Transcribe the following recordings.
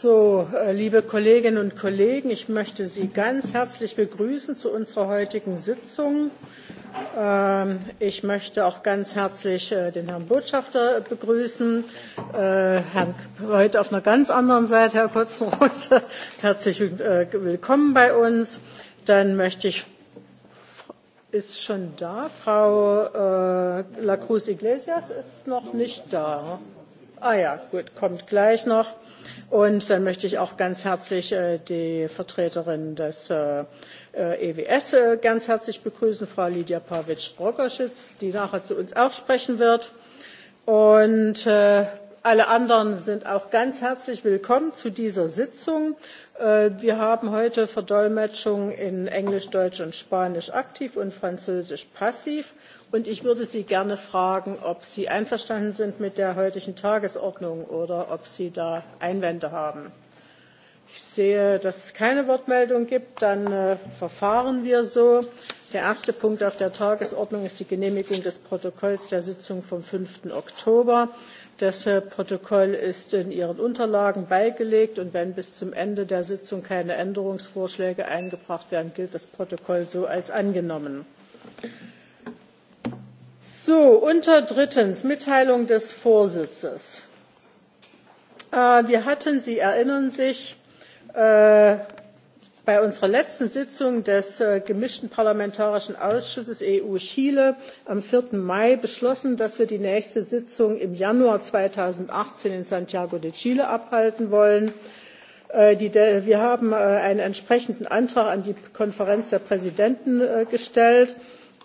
So, äh, liebe Kolleginnen und Kollegen, ich möchte Sie ganz herzlich begrüßen zu unserer heutigen Sitzung. Ähm, ich möchte auch ganz herzlich äh, den Herrn Botschafter begrüßen, äh, Herrn heute auf einer ganz anderen Seite, Herr Kotzenreuther, herzlich willkommen bei uns. Dann möchte ich, ist schon da, Frau La Cruz Iglesias ist noch nicht da. Ah ja, gut, kommt gleich noch. Und dann möchte ich auch ganz herzlich äh, die Vertreterin des äh, äh, EWS ganz herzlich begrüßen, Frau Lydia Pavic-Rogerschitz, die nachher zu uns auch sprechen wird. Und alle anderen sind auch ganz herzlich willkommen zu dieser Sitzung. Wir haben heute Verdolmetschung in Englisch, Deutsch und Spanisch aktiv und Französisch passiv und ich würde Sie gerne fragen, ob Sie einverstanden sind mit der heutigen Tagesordnung oder ob Sie da Einwände haben. Ich sehe, dass es keine Wortmeldung gibt. Dann äh, verfahren wir so. Der erste Punkt auf der Tagesordnung ist die Genehmigung des Protokolls der Sitzung vom 5. Oktober. Das äh, Protokoll ist in Ihren Unterlagen beigelegt. Und wenn bis zum Ende der Sitzung keine Änderungsvorschläge eingebracht werden, gilt das Protokoll so als angenommen. Okay. So, unter drittens Mitteilung des Vorsitzes. Äh, wir hatten, Sie erinnern sich, äh, bei unserer letzten Sitzung des äh, gemischten parlamentarischen Ausschusses EU-Chile am 4. Mai beschlossen, dass wir die nächste Sitzung im Januar 2018 in Santiago de Chile abhalten wollen. Äh, die, wir haben äh, einen entsprechenden Antrag an die Konferenz der Präsidenten äh, gestellt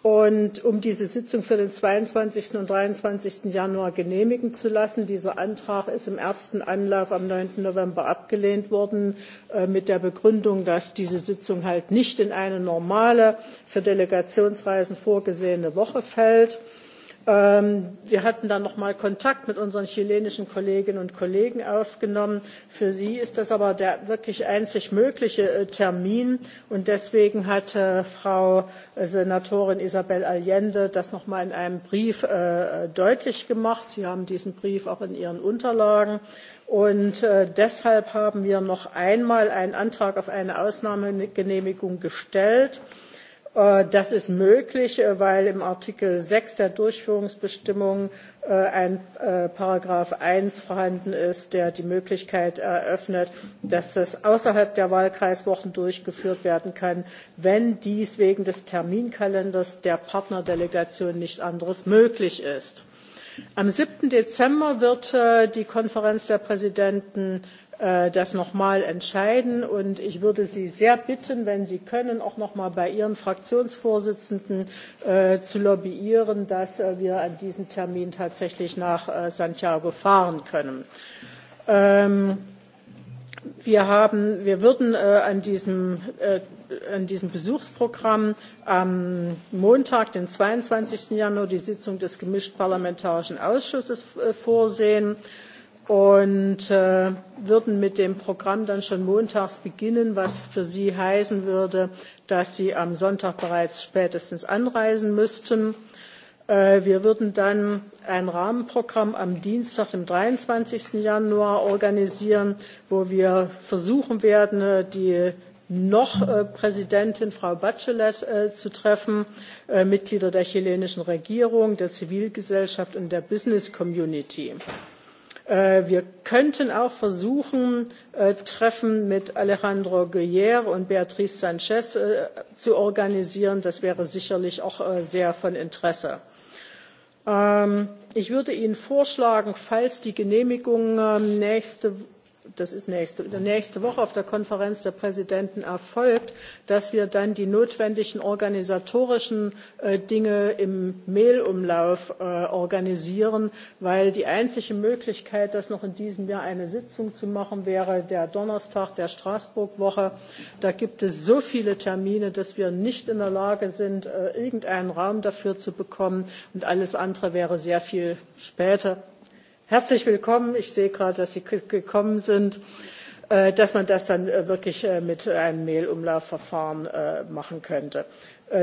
und um diese sitzung für den. zweiundzwanzig und. dreiundzwanzig januar genehmigen zu lassen. dieser antrag ist im ersten anlauf am. neun november abgelehnt worden äh, mit der begründung dass diese sitzung halt nicht in eine normale für delegationsreisen vorgesehene woche fällt. Ähm, wir hatten dann nochmal Kontakt mit unseren chilenischen Kolleginnen und Kollegen aufgenommen. Für sie ist das aber der wirklich einzig mögliche äh, Termin. Und deswegen hat äh, Frau äh, Senatorin Isabel Allende das nochmal in einem Brief äh, deutlich gemacht. Sie haben diesen Brief auch in Ihren Unterlagen. Und äh, deshalb haben wir noch einmal einen Antrag auf eine Ausnahmegenehmigung gestellt. Äh, das ist möglich, äh, weil im Artikel 6 der Durchführungsbestimmung äh, ein Paragraph 1 vorhanden ist, der die Möglichkeit eröffnet, dass es außerhalb der Wahlkreiswochen durchgeführt werden kann, wenn dies wegen des Terminkalenders der Partnerdelegation nicht anderes möglich ist. Am 7. Dezember wird die Konferenz der Präsidenten Äh, das noch mal entscheiden und ich würde sie sehr bitten wenn sie können auch noch mal bei ihren fraktionsvorsitzenden äh, zu lobbyieren dass äh, wir an diesem termin tatsächlich nach santiago fahren können. Ähm, wir würden an diesem besuchsprogramm am montag den. zweiundzwanzig januar die sitzung des gemischten parlamentarischen ausschusses vorsehen und äh, würden mit dem Programm dann schon montags beginnen, was für Sie heißen würde, dass Sie am Sonntag bereits spätestens anreisen müssten. Äh, wir würden dann ein Rahmenprogramm am Dienstag, dem 23. Januar, organisieren, wo wir versuchen werden, äh, die noch äh, Präsidentin Frau Bachelet äh, zu treffen, äh, Mitglieder der chilenischen Regierung, der Zivilgesellschaft und der Business Community. Äh, wir könnten auch versuchen, äh, Treffen mit Alejandro Guerrero und Beatrice Sanchez äh, zu organisieren. Das wäre sicherlich auch sehr von Interesse. Ähm, ich würde Ihnen vorschlagen, falls die Genehmigung ähm, nächste das ist nächste, nächste Woche auf der Konferenz der Präsidenten erfolgt, dass wir dann die notwendigen organisatorischen äh, Dinge im Mailumlauf äh, organisieren, weil die einzige Möglichkeit, das noch in diesem Jahr eine Sitzung zu machen, wäre der Donnerstag der Straßburg-Woche. Da gibt es so viele Termine, dass wir nicht in der Lage sind, äh, irgendeinen Raum dafür zu bekommen. Und alles andere wäre sehr viel später herzlich willkommen ich sehe gerade dass sie gekommen sind äh, dass man das dann äh, wirklich äh, mit einem mail umlaufverfahren machen könnte.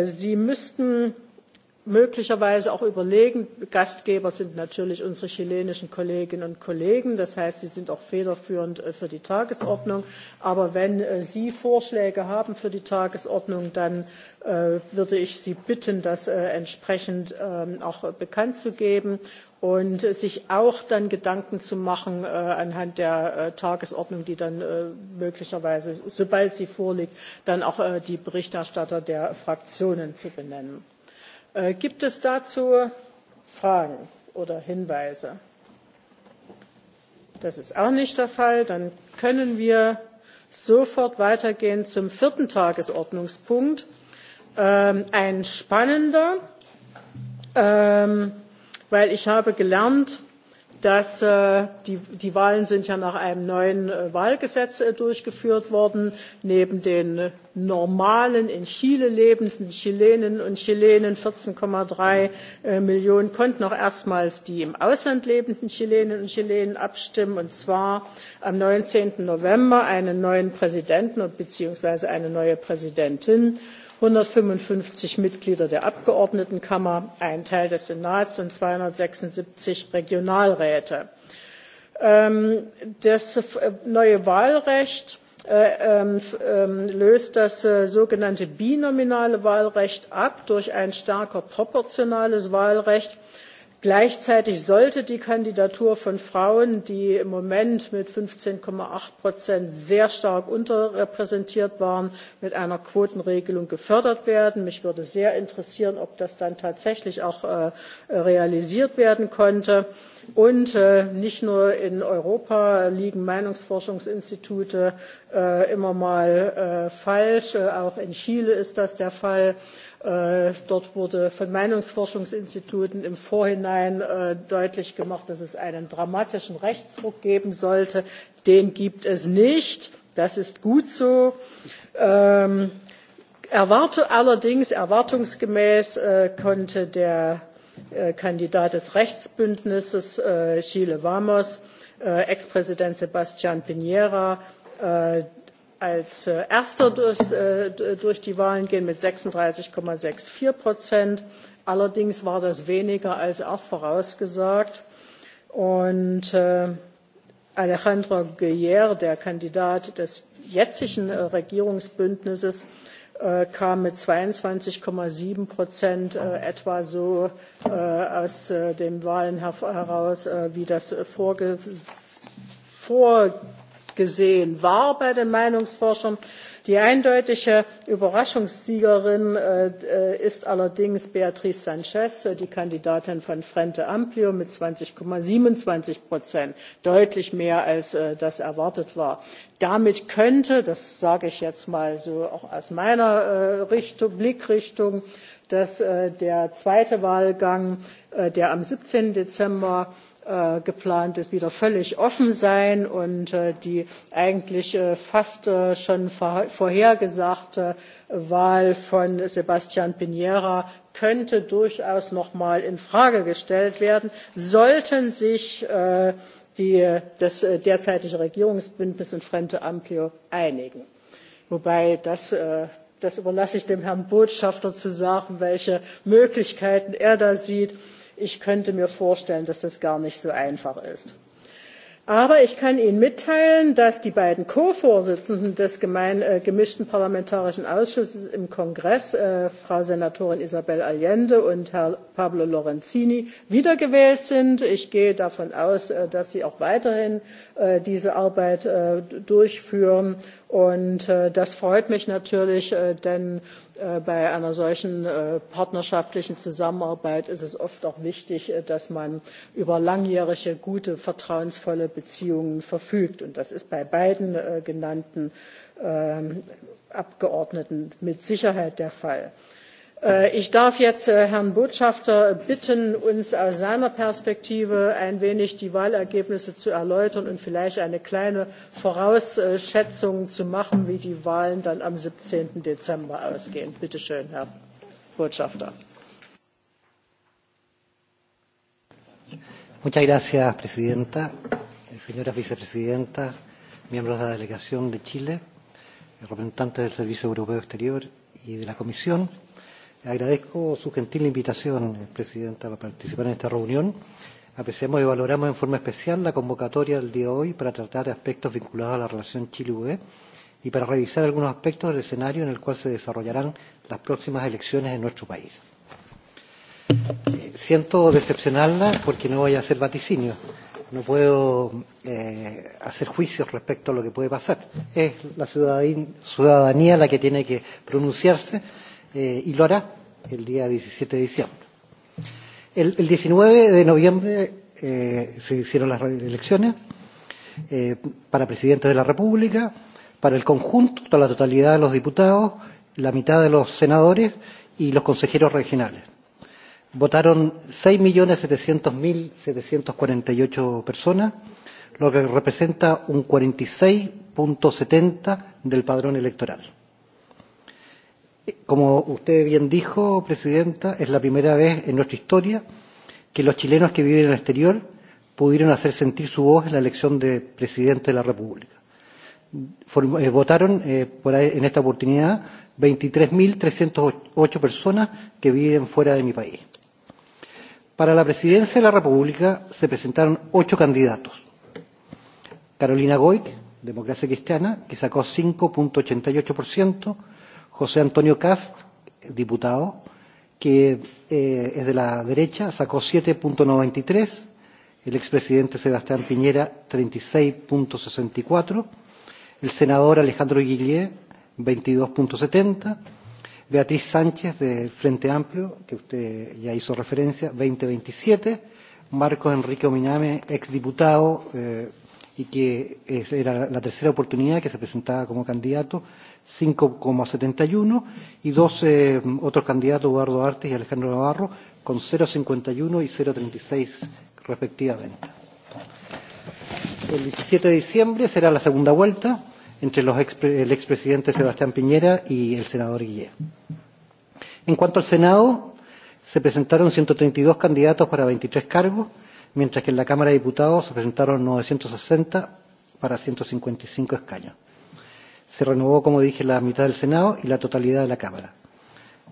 sie müssten möglicherweise auch überlegen gastgeber sind natürlich unsere chilenischen kolleginnen und kollegen das heißt sie sind auch federführend für die tagesordnung aber wenn sie vorschläge haben für die tagesordnung dann würde ich sie bitten das entsprechend ähm, auch bekannt zu geben und äh, sich auch dann Gedanken zu machen äh, anhand der äh, Tagesordnung, die dann äh, möglicherweise, sobald sie vorliegt, dann auch äh, die Berichterstatter der Fraktionen zu benennen. Äh, gibt es dazu Fragen oder Hinweise? Das ist auch nicht der Fall. Dann können wir sofort weitergehen zum vierten Tagesordnungspunkt. Ähm, ein spannender. Ähm, weil ich habe gelernt, dass äh, die, die Wahlen sind ja nach einem neuen äh, Wahlgesetz äh, durchgeführt worden. Neben den äh, normalen in Chile lebenden Chilenen und Chilenen 14,3 äh, Millionen konnten auch erstmals die im Ausland lebenden Chilenen und Chilenen abstimmen, und zwar am 19. November einen neuen Präsidenten bzw. eine neue Präsidentin einhundertfünfundfünfzig mitglieder der abgeordnetenkammer ein teil des senats und zweihundertsechsundsiebzig regionalräte. Ähm, das äh, neue wahlrecht äh, ähm, ähm, löst das äh, sogenannte binominale wahlrecht ab durch ein stärker proportionales wahlrecht. Gleichzeitig sollte die Kandidatur von Frauen, die im Moment mit 15,8 Prozent sehr stark unterrepräsentiert waren, mit einer Quotenregelung gefördert werden. Mich würde sehr interessieren, ob das dann tatsächlich auch äh, realisiert werden konnte. Und äh, nicht nur in Europa liegen Meinungsforschungsinstitute äh, immer mal äh, falsch, äh, auch in Chile ist das der Fall äh, dort wurde von Meinungsforschungsinstituten im Vorhinein äh, deutlich gemacht, dass es einen dramatischen Rechtsruck geben sollte. Den gibt es nicht. Das ist gut so. Ähm, erwarte, allerdings erwartungsgemäß äh, konnte der äh, Kandidat des Rechtsbündnisses äh, Chile Vamos, äh, Ex-Präsident Sebastian Piñera, äh, als äh, Erster durchs, äh, durch die Wahlen gehen mit 36,64 Prozent. Allerdings war das weniger als auch vorausgesagt. Und äh, Alejandro Guerrero, der Kandidat des jetzigen äh, Regierungsbündnisses, äh, kam mit 22,7 Prozent äh, etwa so äh, aus äh, den Wahlen her heraus, äh, wie das vorgesehen gesehen war bei den meinungsforschern. die eindeutige überraschungssiegerin äh, äh, ist allerdings beatrice sanchez äh, die kandidatin von frente amplio mit zwanzig siebenundzwanzig prozent deutlich mehr als das erwartet war. damit könnte das sage ich jetzt mal so auch aus meiner blickrichtung der zweite wahlgang der am. siebzehn dezember äh, geplant ist, wieder völlig offen sein und äh, die eigentlich äh, fast äh, schon vorhergesagte Wahl von Sebastian Piniera könnte durchaus noch mal in Frage gestellt werden, sollten sich äh, die, das äh, derzeitige Regierungsbündnis und Frente Amplio einigen. Wobei das äh, das überlasse ich dem Herrn Botschafter zu sagen, welche Möglichkeiten er da sieht ich könnte mir vorstellen, dass das gar nicht so einfach ist. Aber ich kann Ihnen mitteilen, dass die beiden Co-Vorsitzenden des gemein, äh, gemischten parlamentarischen Ausschusses im Kongress, äh, Frau Senatorin Isabel Allende und Herr Pablo Lorenzini, wiedergewählt sind. Ich gehe davon aus, äh, dass sie auch weiterhin äh, diese Arbeit äh, durchführen. Und äh, das freut mich natürlich, äh, denn äh, bei einer solchen äh, partnerschaftlichen Zusammenarbeit ist es oft auch wichtig, äh, dass man über langjährige, gute, vertrauensvolle Beziehungen verfügt. Und das ist bei beiden äh, genannten äh, Abgeordneten mit Sicherheit der Fall. Äh, Äh, ich darf jetzt äh, herrn botschafter bitten uns aus seiner perspektive ein wenig die wahlergebnisse zu erläutern und vielleicht eine kleine vorausschätzung zu machen wie die wahlen dann am. siebzehn dezember ausgehen. bitte schön herr botschafter! herr präsident frau vizepräsidentin mitglieder der delegation aus chile vertreter des europäischen auswärtigen dienstes und der kommission! Agradezco su gentil invitación, eh, Presidenta, a participar en esta reunión. Apreciamos y valoramos en forma especial la convocatoria del día de hoy para tratar aspectos vinculados a la relación Chile-UE y para revisar algunos aspectos del escenario en el cual se desarrollarán las próximas elecciones en nuestro país. Eh, siento decepcionarla porque no voy a hacer vaticinio. No puedo eh, hacer juicios respecto a lo que puede pasar. Es la ciudadanía la que tiene que pronunciarse eh, y lo hará el día 17 de diciembre. El, el 19 de noviembre eh, se hicieron las elecciones eh, para presidente de la República, para el conjunto, para la totalidad de los diputados, la mitad de los senadores y los consejeros regionales. Votaron 6.700.748 personas, lo que representa un 46.70% del padrón electoral. Como usted bien dijo, Presidenta, es la primera vez en nuestra historia que los chilenos que viven en el exterior pudieron hacer sentir su voz en la elección de Presidente de la República. Eh, votaron eh, por ahí, en esta oportunidad 23.308 personas que viven fuera de mi país. Para la Presidencia de la República se presentaron ocho candidatos. Carolina Goic, Democracia Cristiana, que sacó 5.88%. José Antonio Cast, diputado, que eh, es de la derecha, sacó 7.93, el expresidente Sebastián Piñera 36.64, el senador Alejandro Guillier 22.70, Beatriz Sánchez de Frente Amplio, que usted ya hizo referencia, 20.27, Marco Enrique Ominame, exdiputado. Eh, y que eh, era la tercera oportunidad que se presentaba como candidato, 5,71, y dos eh, mm, otros candidatos, Eduardo Artes y Alejandro Navarro, con 0,51 y 0,36 respectivamente. El 17 de diciembre será la segunda vuelta entre los ex, el expresidente Sebastián Piñera y el senador Guillé. En cuanto al Senado, se presentaron 132 candidatos para 23 cargos, mientras que en la Cámara de Diputados se presentaron 960 para 155 escaños. Se renovó, como dije, la mitad del Senado y la totalidad de la Cámara.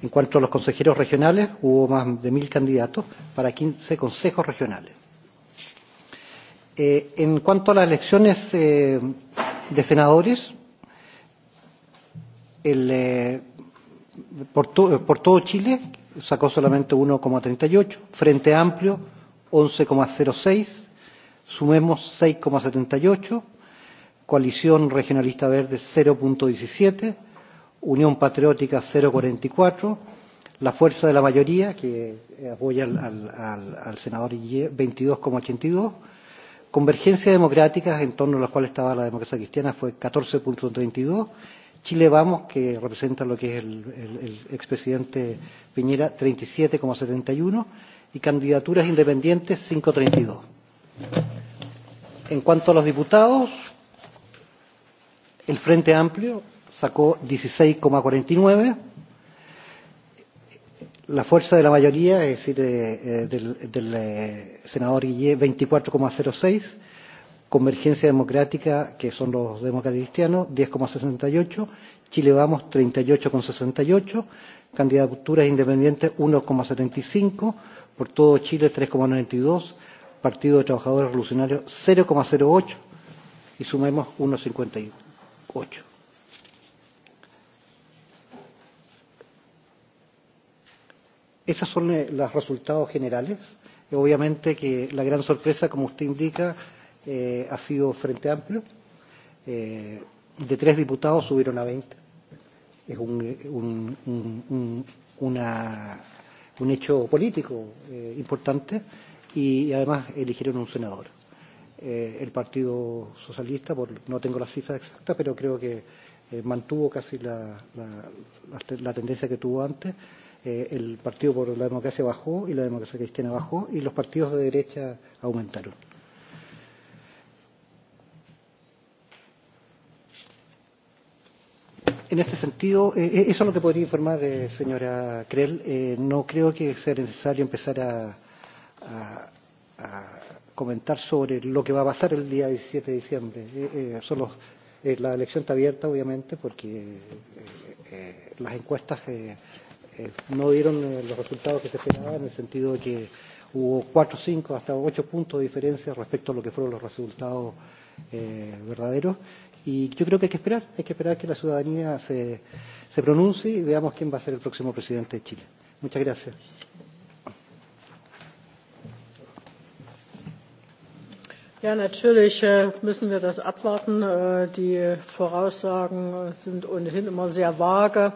En cuanto a los consejeros regionales, hubo más de mil candidatos para 15 consejos regionales. Eh, en cuanto a las elecciones eh, de senadores, el, eh, por, to, por todo Chile sacó solamente 1,38, Frente Amplio 11,06, Sumemos 6,78, Coalición Regionalista Verde 0,17, Unión Patriótica 0,44, la fuerza de la mayoría que apoya al, al, al, al senador 22,82. Convergencia Democrática, en torno a la cual estaba la democracia cristiana, fue 14.32. Chile Vamos, que representa lo que es el, el, el expresidente Piñera, y candidaturas independientes 532. En cuanto a los diputados, el Frente Amplio sacó 16,49, la fuerza de la mayoría, es decir, de, de, eh, del, del eh, senador Guillé, 24,06. Convergencia Democrática, que son los democratistianos, 10,68. Chile Vamos, 38,68. Candidaturas independientes, por todo Chile 3,92, Partido de Trabajadores Revolucionarios 0,08 y sumemos 1,58. Esos son eh, los resultados generales. Obviamente que la gran sorpresa, como usted indica, eh, ha sido Frente Amplio. Eh, de tres diputados subieron a 20. Es un, un, un, un, una un hecho político eh, importante y, y además eligieron un senador. Eh, el Partido Socialista, por, no tengo las cifras exactas, pero creo que eh, mantuvo casi la, la, la, la tendencia que tuvo antes. Eh, el Partido por la Democracia bajó y la Democracia Cristiana bajó y los partidos de derecha aumentaron. En este sentido, eh, eh, eso es lo que podría informar, eh, señora Krell. Eh, no creo que sea necesario empezar a, a, a comentar sobre lo que va a pasar el día 17 de diciembre. Eh, eh, son los, eh, la elección está abierta, obviamente, porque eh, eh, las encuestas eh, eh, no dieron eh, los resultados que se esperaban, en el sentido de que hubo cuatro, cinco, hasta ocho puntos de diferencia respecto a lo que fueron los resultados eh, verdaderos. Y yo creo que hay que esperar, hay que esperar que la ciudadanía se, se pronuncie y veamos quién va a ser el próximo presidente de Chile. Muchas gracias. Ja, natürlich äh, müssen wir das abwarten. Äh, die Voraussagen sind ohnehin immer sehr vage.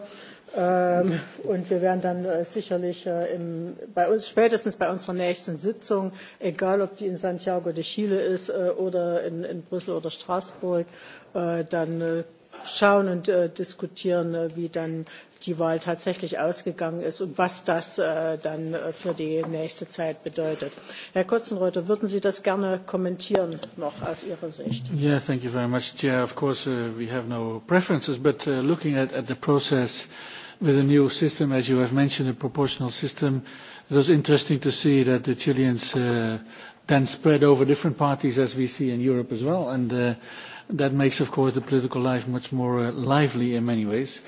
Ähm, und wir werden dann äh, sicherlich äh, im, bei uns, spätestens bei unserer nächsten Sitzung, egal ob die in Santiago de Chile ist äh, oder in, in Brüssel oder Straßburg, dann schauen und diskutieren, wie dann die Wahl tatsächlich ausgegangen ist und was das dann für die nächste Zeit bedeutet. Herr Kotzenreuther, würden Sie das gerne kommentieren noch aus Ihrer Sicht? Yeah, thank you very much, Chair. Of course, uh, we have no preferences, but uh, looking at, at the process, uh, with a new system, as you have mentioned, a proportional system, it was interesting to see that the Chileans uh, then spread over different parties, as we see in Europe as well. And uh, that makes, of course, the political life much more uh, lively in many ways.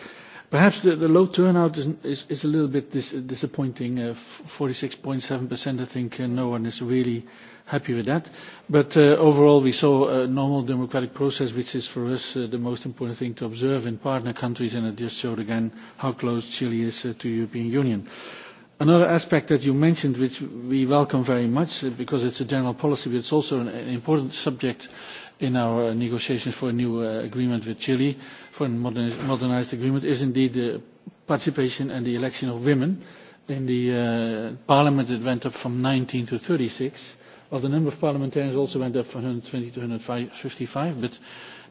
Perhaps the, the low turnout is, is, is a little bit dis- disappointing. Uh, 46.7%, I think, uh, no one is really happy with that. But uh, overall, we saw a normal democratic process, which is for us uh, the most important thing to observe in partner countries, and it just showed again how close Chile is uh, to the European Union. Another aspect that you mentioned, which we welcome very much, uh, because it's a general policy, but it's also an, an important subject in our uh, negotiations for a new uh, agreement with Chile, for a modernized, modernized agreement, is indeed the participation and the election of women in the uh, parliament that went up from 19 to 36. Well, the number of parliamentarians also went up from 120 to 155, but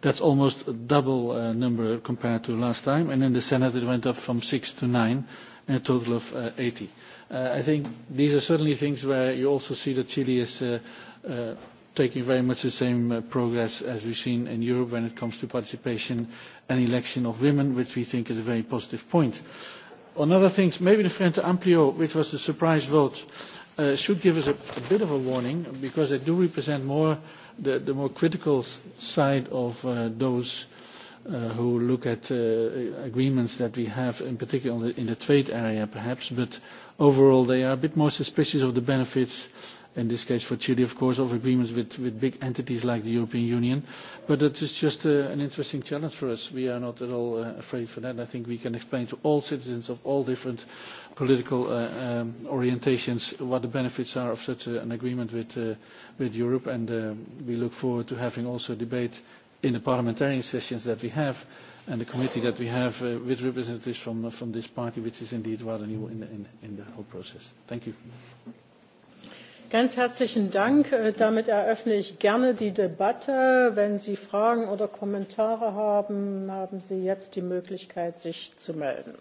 that's almost a double uh, number compared to last time. And in the Senate, it went up from 6 to 9, and a total of uh, 80. Uh, I think these are certainly things where you also see that Chile is uh, uh, taking very much the same uh, progress as we've seen in Europe when it comes to participation and election of women, which we think is a very positive point. On other things, maybe the Frente Amplio, which was the surprise vote, Uh, should give us a, a bit of a warning because they do represent more the, the more critical side of uh, those uh, who look at uh, agreements that we have, in particular in the trade area perhaps, but overall they are a bit more suspicious of the benefits uh, in this case for Chile, of course, of agreements with, with big entities like the European Union. But it is just uh, an interesting challenge for us. We are not at all uh, afraid for that. I think we can explain to all citizens of all different political uh, um, orientations what the benefits are of such a, uh, an agreement with, uh, with Europe. And uh, we look forward to having also a debate in the parliamentarian sessions that we have and the committee that we have uh, with representatives from, from this party, which is indeed rather new in, in, in the whole process. Thank you. Ganz herzlichen Dank. Äh, damit eröffne ich gerne die Debatte. Wenn Sie Fragen oder Kommentare haben, haben Sie jetzt die Möglichkeit, sich zu melden.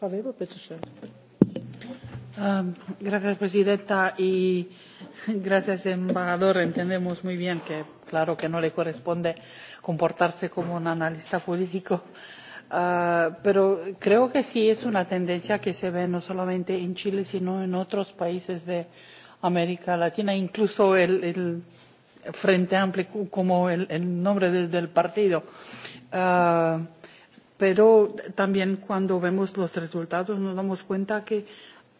Frau Weber, bitte schön. Um, ähm, gracias, Presidenta. Y gracias, Embajador. Entendemos muy bien que, claro, que no le corresponde comportarse como un analista político. Uh, Ah, pero creo que sí es una tendencia que se ve no solamente en Chile, sino en otros países de América Latina, incluso el, el Frente Amplio como el, el nombre de, del partido. Uh, pero también cuando vemos los resultados nos damos cuenta que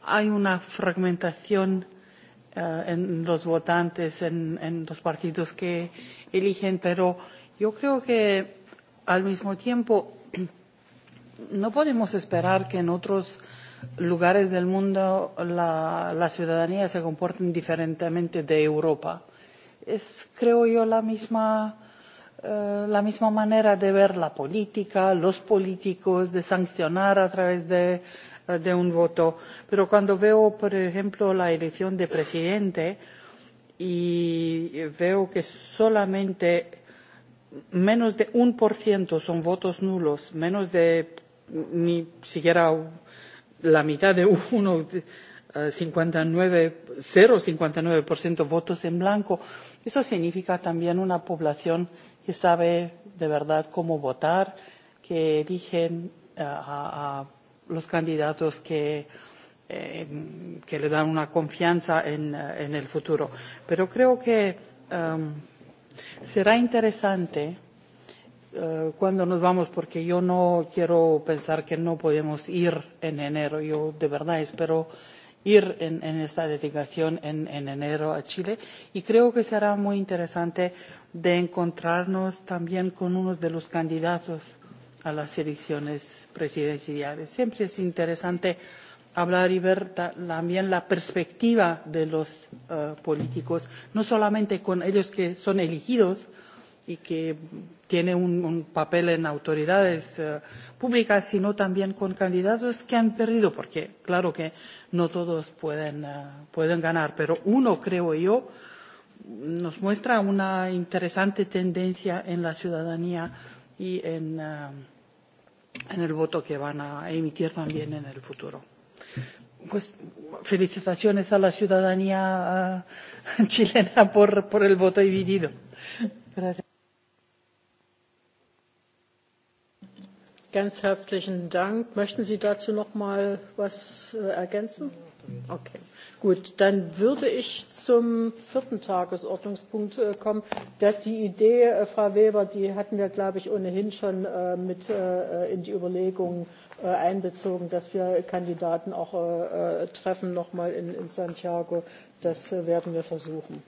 hay una fragmentación uh, en los votantes, en, en los partidos que eligen, pero yo creo que al mismo tiempo no podemos esperar que en otros lugares del mundo la, la ciudadanía se comporte diferentemente de Europa. Es, creo yo, la misma, eh, la misma manera de ver la política, los políticos, de sancionar a través de, eh, de un voto. Pero cuando veo, por ejemplo, la elección de presidente y veo que solamente menos de un por ciento son votos nulos, menos de ni siquiera la mitad de uno, uh, eh, 0,59% votos en blanco. Eso significa también una población que sabe de verdad cómo votar, que eligen uh, a, a los candidatos que, eh, que le dan una confianza en, uh, en el futuro. Pero creo que um, será interesante. Eh, cuándo nos vamos, porque yo no quiero pensar que no podemos ir en enero. Yo de verdad espero ir en, en esta delegación en, en enero a Chile y creo que será muy interesante de encontrarnos también con uno de los candidatos a las elecciones presidenciales. Siempre es interesante hablar y ver ta, también la perspectiva de los uh, políticos, no solamente con ellos que son elegidos, y que tiene un, un papel en autoridades eh, públicas, sino también con candidatos que han perdido, porque claro que no todos pueden, eh, pueden ganar, pero uno, creo yo, nos muestra una interesante tendencia en la ciudadanía y en, eh, en el voto que van a emitir también en el futuro. Pues felicitaciones a la ciudadanía uh, chilena por, por el voto dividido. Gracias. ganz herzlichen Dank. Möchten Sie dazu noch mal was äh, ergänzen? Okay. Gut, dann würde ich zum vierten Tagesordnungspunkt äh, kommen. Die Idee, äh, Frau Weber, die hatten wir, glaube ich, ohnehin schon mit in die Überlegungen einbezogen, dass wir Kandidaten auch treffen, noch mal in Santiago. Das werden wir versuchen.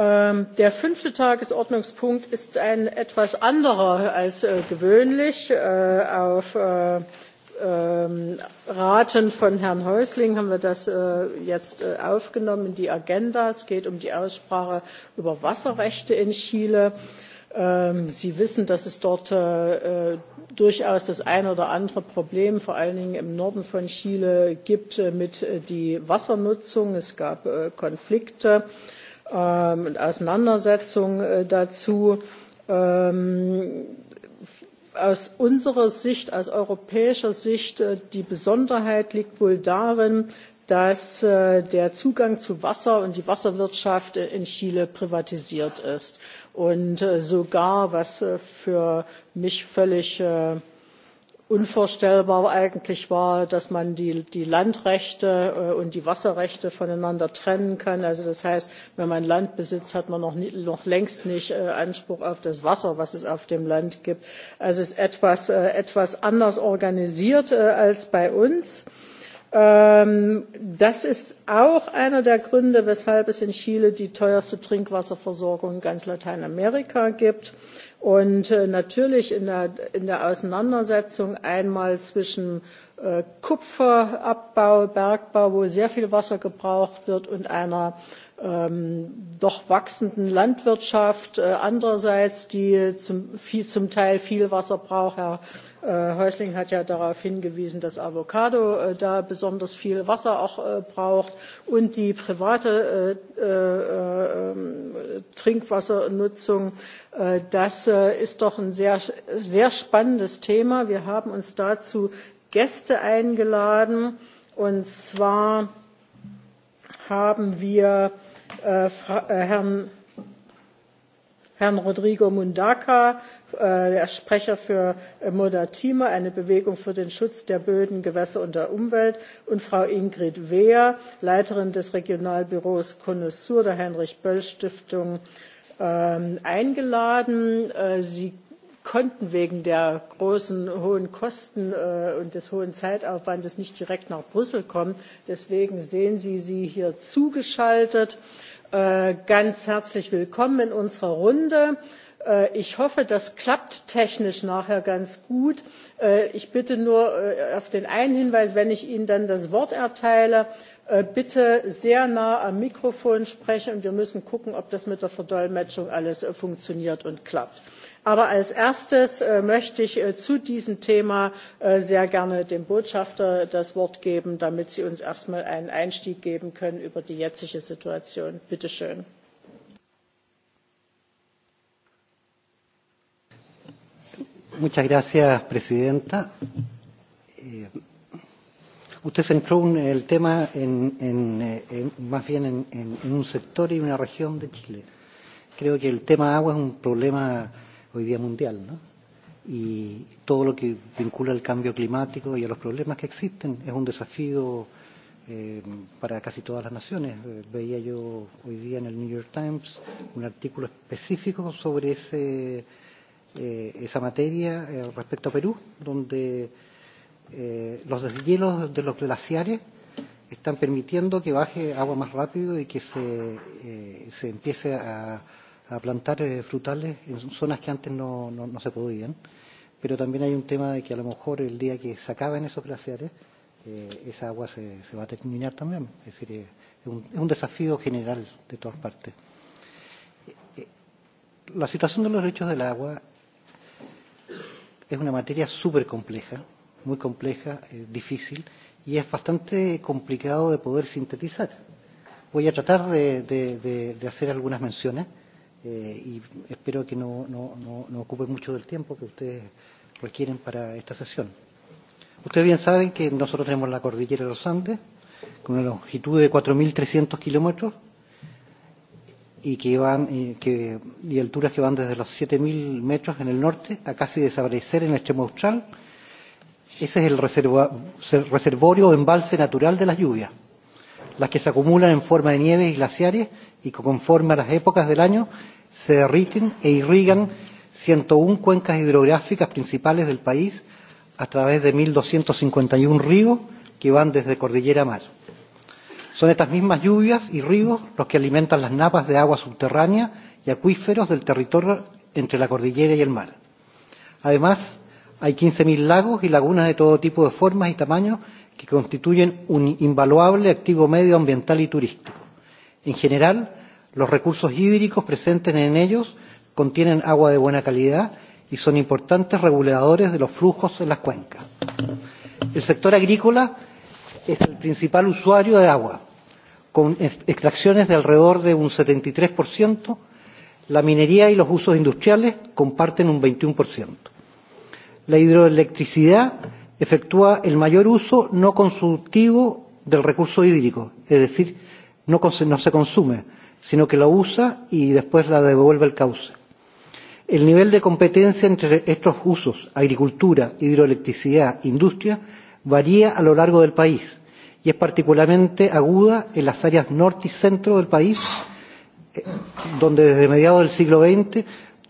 Ähm, der fünfte tagesordnungspunkt ist ein etwas anderer als äh, gewöhnlich. Äh, auf äh, ähm, raten von herrn häusling haben wir das jetzt aufgenommen in die agenda. es geht um die aussprache über wasserrechte in chile. Ähm, sie wissen dass es dort durchaus das eine oder andere problem vor allen dingen im norden von chile mit der wassernutzung gibt. es gab konflikte ähm, und Auseinandersetzung äh, dazu. Ähm, aus unserer Sicht, aus europäischer Sicht, äh, die Besonderheit liegt wohl darin, dass äh, der Zugang zu Wasser und die Wasserwirtschaft äh, in Chile privatisiert ist. Und äh, sogar, was für mich völlig unvorstellbar eigentlich war dass man die landrechte äh, und die wasserrechte voneinander trennen kann. das heißt wenn man land besitzt hat man noch längst nicht äh, anspruch auf das wasser das es auf dem land gibt. es ist etwas äh, anders organisiert als bei uns. Ähm, das ist auch einer der Gründe, weshalb es in Chile die teuerste Trinkwasserversorgung in ganz Lateinamerika gibt. Und äh, natürlich in der, in der Auseinandersetzung einmal zwischen äh, Kupferabbau, Bergbau, wo sehr viel Wasser gebraucht wird, und einer äh, Ähm, doch wachsenden Landwirtschaft, äh, andererseits die zum, viel, zum Teil viel Wasser braucht. Herr äh, Häusling hat ja darauf hingewiesen, dass Avocado äh, da besonders viel Wasser auch braucht und die private ähm, Trinkwassernutzung. Das ist doch ein sehr, sehr spannendes Thema. Wir haben uns dazu Gäste eingeladen und zwar haben wir äh, Äh, äh, Herrn, Herrn Rodrigo Mundaca, äh, der Sprecher für äh, Modatima, eine Bewegung für den Schutz der Böden, Gewässer und der Umwelt, und Frau Ingrid Wehr, Leiterin des Regionalbüros Connoisseur der Heinrich-Böll-Stiftung, äh, eingeladen. Äh, sie konnten wegen der großen hohen Kosten äh, und des hohen Zeitaufwandes nicht direkt nach Brüssel kommen. Deswegen sehen Sie sie hier zugeschaltet. Äh, ganz herzlich willkommen in unserer Runde. Äh, ich hoffe, das klappt technisch nachher ganz gut. Äh, ich bitte nur äh, auf den einen Hinweis, wenn ich Ihnen dann das Wort erteile, bitte sehr nah am Mikrofon sprechen und wir müssen gucken, ob das mit der Verdolmetschung alles funktioniert und klappt. Aber als erstes äh, möchte ich äh, zu diesem Thema äh, sehr gerne dem Botschafter das Wort geben, damit Sie uns erstmal einen Einstieg geben können über die jetzige Situation. Bitte schön. Muchas gracias, Presidenta. Eh, usted centró un, el tema en, en, eh, en, más bien en, en un sector y una región de Chile. Creo que el tema agua es un problema eh, hoy día mundial, ¿no? Y todo lo que vincula al cambio climático y a los problemas que existen es un desafío eh, para casi todas las naciones. Eh, veía yo hoy día en el New York Times un artículo específico sobre ese, eh, esa materia eh, respecto a Perú, donde eh, los deshielos de los glaciares están permitiendo que baje agua más rápido y que se, eh, se empiece a a plantar eh, frutales en zonas que antes no, no, no se podían, pero también hay un tema de que a lo mejor el día que se acaben esos glaciares, eh, esa agua se, se va a terminar también. Es decir, eh, es, un, es un desafío general de todas partes. Eh, la situación de los derechos del agua es una materia súper compleja, muy compleja, eh, difícil y es bastante complicado de poder sintetizar. Voy a tratar de, de, de, de hacer algunas menciones. Eh, eh, y espero que no, no, no, no ocupe mucho del tiempo que ustedes requieren para esta sesión. Ustedes bien saben que nosotros tenemos la cordillera de los Andes, con una longitud de 4.300 kilómetros y que van eh, que, y alturas que van desde los 7.000 metros en el norte a casi desaparecer en el extremo austral. Ese es el, reserva, el reservorio o embalse natural de las lluvias, las que se acumulan en forma de nieves y glaciares y que conforme a las épocas del año se derriten e irrigan 101 cuencas hidrográficas principales del país a través de 1.251 ríos que van desde cordillera a mar. Son estas mismas lluvias y ríos los que alimentan las napas de agua subterránea y acuíferos del territorio entre la cordillera y el mar. Además, hay 15.000 lagos y lagunas de todo tipo de formas y tamaños que constituyen un invaluable activo medioambiental y turístico. En general, los recursos hídricos presentes en ellos contienen agua de buena calidad y son importantes reguladores de los flujos en las cuencas. El sector agrícola es el principal usuario de agua, con extracciones de alrededor de un 73%, la minería y los usos industriales comparten un 21%. La hidroelectricidad efectúa el mayor uso no consultivo del recurso hídrico, es decir, no, no se consume, sino que la usa y después la devuelve al cauce. El nivel de competencia entre estos usos, agricultura, hidroelectricidad, industria, varía a lo largo del país y es particularmente aguda en las áreas norte y centro del país, eh, donde desde mediados del siglo XX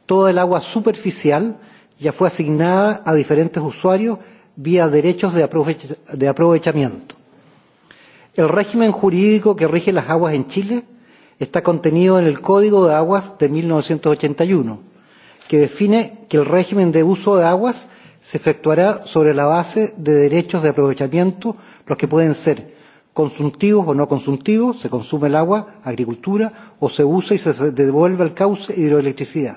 toda el agua superficial ya fue asignada a diferentes usuarios vía derechos de, aprovech de aprovechamiento. El régimen jurídico que rige las aguas en Chile está contenido en el Código de Aguas de 1981, que define que el régimen de uso de aguas se efectuará sobre la base de derechos de aprovechamiento, los que pueden ser consumtivos o no consumtivos, se consume el agua, agricultura, o se usa y se devuelve al cauce hidroelectricidad,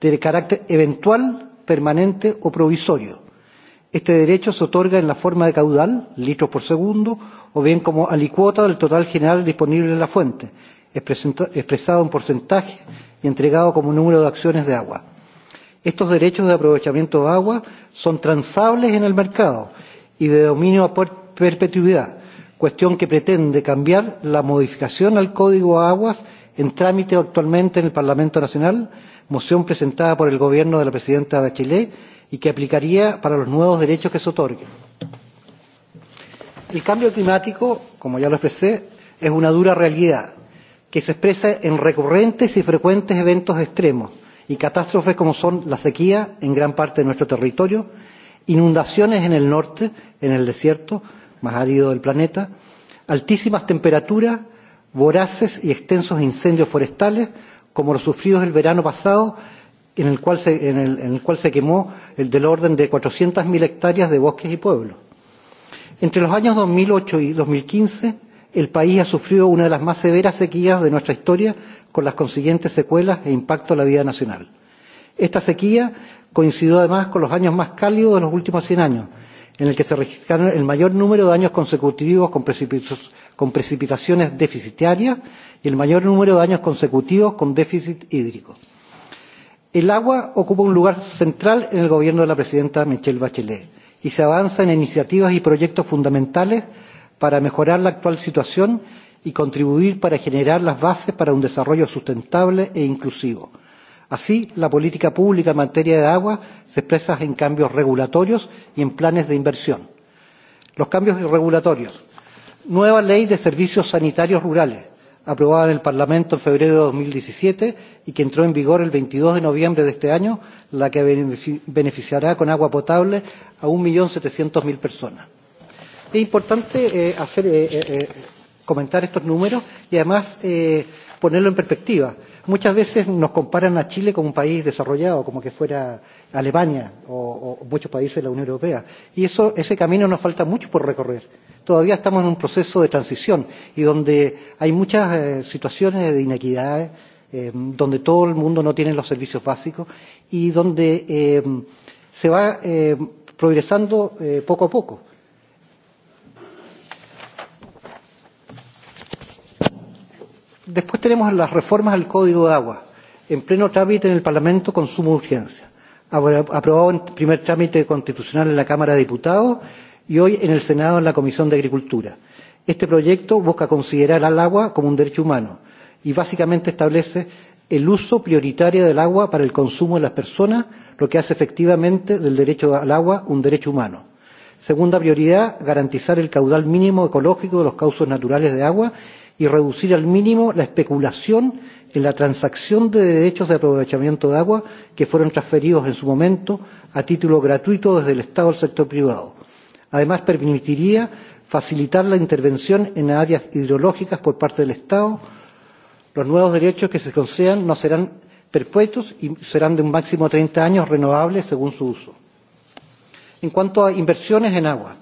de carácter eventual, permanente o provisorio. Este derecho se otorga en la forma de caudal, litros por segundo, o bien como alicuota del total general disponible en la fuente, expresado en porcentaje y entregado como número de acciones de agua. Estos derechos de aprovechamiento de agua son transables en el mercado y de dominio a perpetuidad, cuestión que pretende cambiar la modificación al Código de Aguas en trámite actualmente en el Parlamento Nacional, moción presentada por el Gobierno de la Presidenta Bachelet y que aplicaría para los nuevos derechos que se otorguen. El cambio climático, como ya lo expresé, es una dura realidad que se expresa en recurrentes y frecuentes eventos extremos y catástrofes como son la sequía en gran parte de nuestro territorio, inundaciones en el norte, en el desierto, más árido del planeta, altísimas temperaturas, voraces y extensos incendios forestales, como los sufridos el verano pasado, en el cual se, en el, en el cual se quemó el del orden de 400.000 hectáreas de bosques y pueblos. Entre los años 2008 y 2015, el país ha sufrido una de las más severas sequías de nuestra historia, con las consiguientes secuelas e impacto a la vida nacional. Esta sequía coincidió además con los años más cálidos de los últimos 100 años, en el que se registraron el mayor número de años consecutivos con, precipit con precipitaciones deficitarias y el mayor número de años consecutivos con déficit hídrico. El agua ocupa un lugar central en el gobierno de la presidenta Michelle Bachelet y se avanza en iniciativas y proyectos fundamentales para mejorar la actual situación y contribuir para generar las bases para un desarrollo sustentable e inclusivo. Así, la política pública en materia de agua se expresa en cambios regulatorios y en planes de inversión. Los cambios regulatorios. Nueva ley de servicios sanitarios rurales, aprobada en el Parlamento en febrero de 2017 y que entró en vigor el 22 de noviembre de este año, la que beneficiará con agua potable a 1.700.000 personas. Es importante eh, hacer, eh, eh, eh, comentar estos números y además eh, ponerlo en perspectiva. Muchas veces nos comparan a Chile como un país desarrollado, como que fuera Alemania o, o muchos países de la Unión Europea. Y eso, ese camino nos falta mucho por recorrer. Todavía estamos en un proceso de transición y donde hay muchas eh, situaciones de inequidades, eh, donde todo el mundo no tiene los servicios básicos y donde eh, se va eh, progresando eh, poco a poco. Eh, Después tenemos las reformas al Código de Agua, en pleno trámite en el Parlamento con suma urgencia, aprobado en primer trámite constitucional en la Cámara de Diputados y hoy en el Senado en la Comisión de Agricultura. Este proyecto busca considerar al agua como un derecho humano y básicamente establece el uso prioritario del agua para el consumo de las personas, lo que hace efectivamente del derecho al agua un derecho humano. Segunda prioridad, garantizar el caudal mínimo ecológico de los cauces naturales de agua y reducir al mínimo la especulación en la transacción de derechos de aprovechamiento de agua que fueron transferidos en su momento a título gratuito desde el Estado al sector privado. Además, permitiría facilitar la intervención en áreas hidrológicas por parte del Estado. Los nuevos derechos que se concedan no serán perpetuos y serán de un máximo de 30 años renovables según su uso. En cuanto a inversiones en agua,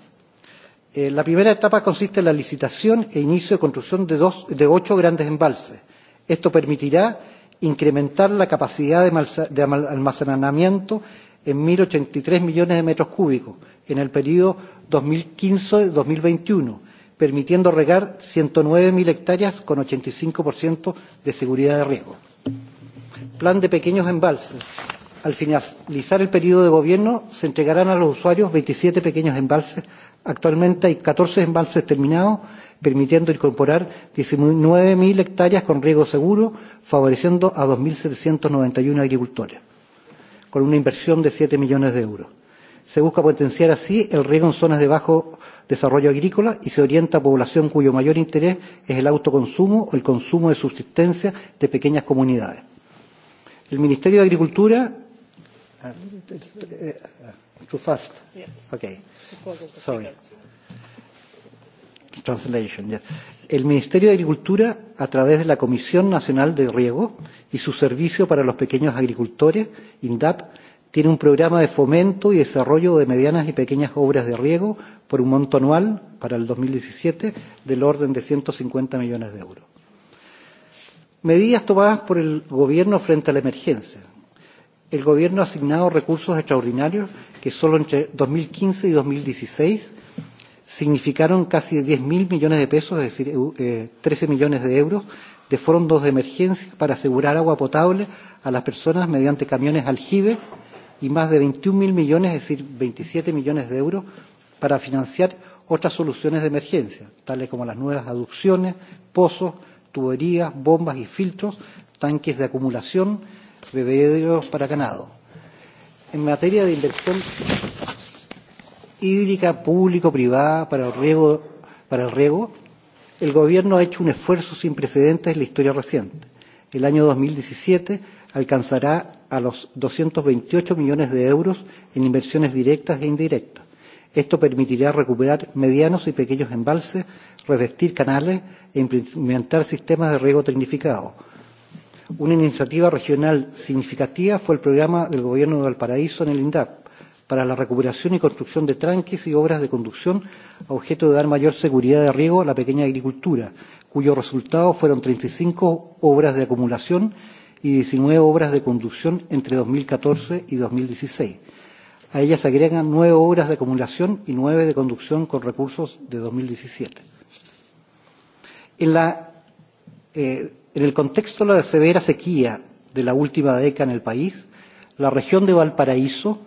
Eh, la primera etapa consiste en la licitación e inicio de construcción de, dos, de ocho grandes embalses. Esto permitirá incrementar la capacidad de almacenamiento en 1.083 millones de metros cúbicos en el periodo 2015-2021, permitiendo regar 109.000 hectáreas con 85% de seguridad de riego. Plan de pequeños embalses. Al finalizar el periodo de gobierno, se entregarán a los usuarios 27 pequeños embalses Actualmente hay 14 embalses terminados, permitiendo incorporar 19.000 hectáreas con riego seguro, favoreciendo a 2.791 agricultores, con una inversión de 7 millones de euros. Se busca potenciar así el riego en zonas de bajo desarrollo agrícola y se orienta a población cuyo mayor interés es el autoconsumo o el consumo de subsistencia de pequeñas comunidades. El Ministerio de Agricultura. Ah, eh, eh, eh, too fast. Yes. Okay. Sorry. Translation, yeah. El Ministerio de Agricultura, a través de la Comisión Nacional de Riego y su Servicio para los Pequeños Agricultores, INDAP, tiene un programa de fomento y desarrollo de medianas y pequeñas obras de riego por un monto anual para el 2017 del orden de 150 millones de euros. Medidas tomadas por el Gobierno frente a la emergencia el Gobierno ha asignado recursos extraordinarios que solo entre 2015 y 2016 significaron casi 10.000 millones de pesos, es decir, 13 eh, millones de euros, de fondos de emergencia para asegurar agua potable a las personas mediante camiones aljibe y más de 21.000 millones, es decir, 27 millones de euros, para financiar otras soluciones de emergencia, tales como las nuevas aducciones, pozos, tuberías, bombas y filtros, tanques de acumulación, bebederos para ganado. En materia de inversión hídrica público-privada para, para el riego, el Gobierno ha hecho un esfuerzo sin precedentes en la historia reciente. El año 2017 alcanzará a los 228 millones de euros en inversiones directas e indirectas. Esto permitirá recuperar medianos y pequeños embalses, revestir canales e implementar sistemas de riego tecnificados. Una iniciativa regional significativa fue el programa del Gobierno de Valparaíso en el INDAP para la recuperación y construcción de tranques y obras de conducción a objeto de dar mayor seguridad de riego a la pequeña agricultura, cuyo resultado fueron 35 obras de acumulación y 19 obras de conducción entre 2014 y 2016. A ellas se agregan nueve obras de acumulación y nueve de conducción con recursos de 2017. En la eh, En el contexto de la severa sequía de la última década en el país, la región de Valparaíso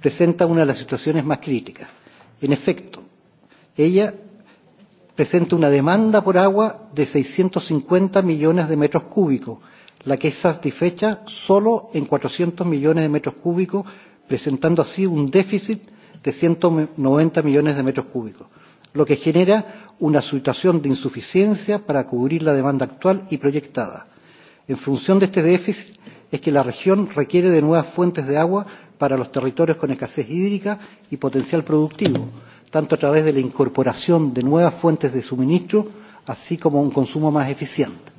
presenta una de las situaciones más críticas. En efecto, ella presenta una demanda por agua de 650 millones de metros cúbicos, la que es satisfecha solo en 400 millones de metros cúbicos, presentando así un déficit de 190 millones de metros cúbicos lo que genera una situación de insuficiencia para cubrir la demanda actual y proyectada. En función de este déficit es que la región requiere de nuevas fuentes de agua para los territorios con escasez hídrica y potencial productivo, tanto a través de la incorporación de nuevas fuentes de suministro, así como un consumo más eficiente.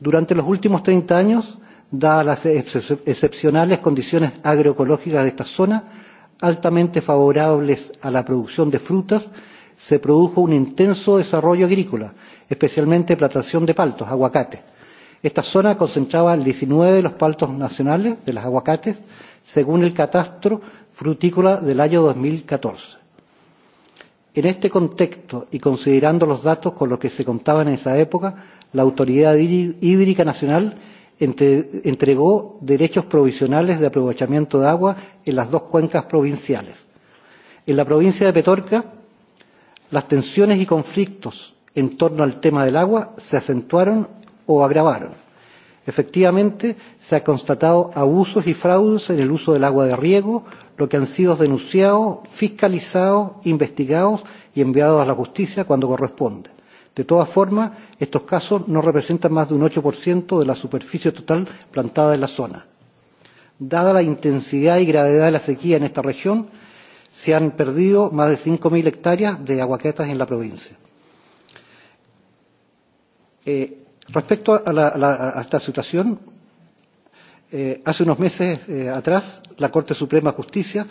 Durante los últimos 30 años, dadas las excepcionales condiciones agroecológicas de esta zona, altamente favorables a la producción de frutas, se produjo un intenso desarrollo agrícola, especialmente plantación de paltos, aguacate. Esta zona concentraba el 19 de los paltos nacionales de las aguacates, según el catastro frutícola del año 2014. En este contexto y considerando los datos con los que se contaban en esa época, la Autoridad Hídrica Nacional entre, entregó derechos provisionales de aprovechamiento de agua en las dos cuencas provinciales. En la provincia de Petorca, las tensiones y conflictos en torno al tema del agua se acentuaron o agravaron. Efectivamente, se han constatado abusos y fraudes en el uso del agua de riego, lo que han sido denunciados, fiscalizados, investigados y enviados a la justicia cuando corresponde. De todas formas, estos casos no representan más de un 8% de la superficie total plantada en la zona. Dada la intensidad y gravedad de la sequía en esta región, se han perdido más de 5.000 hectáreas de aguaquetas en la provincia. Eh, respecto a, la, a, la, a esta situación, eh, hace unos meses eh, atrás la Corte Suprema de Justicia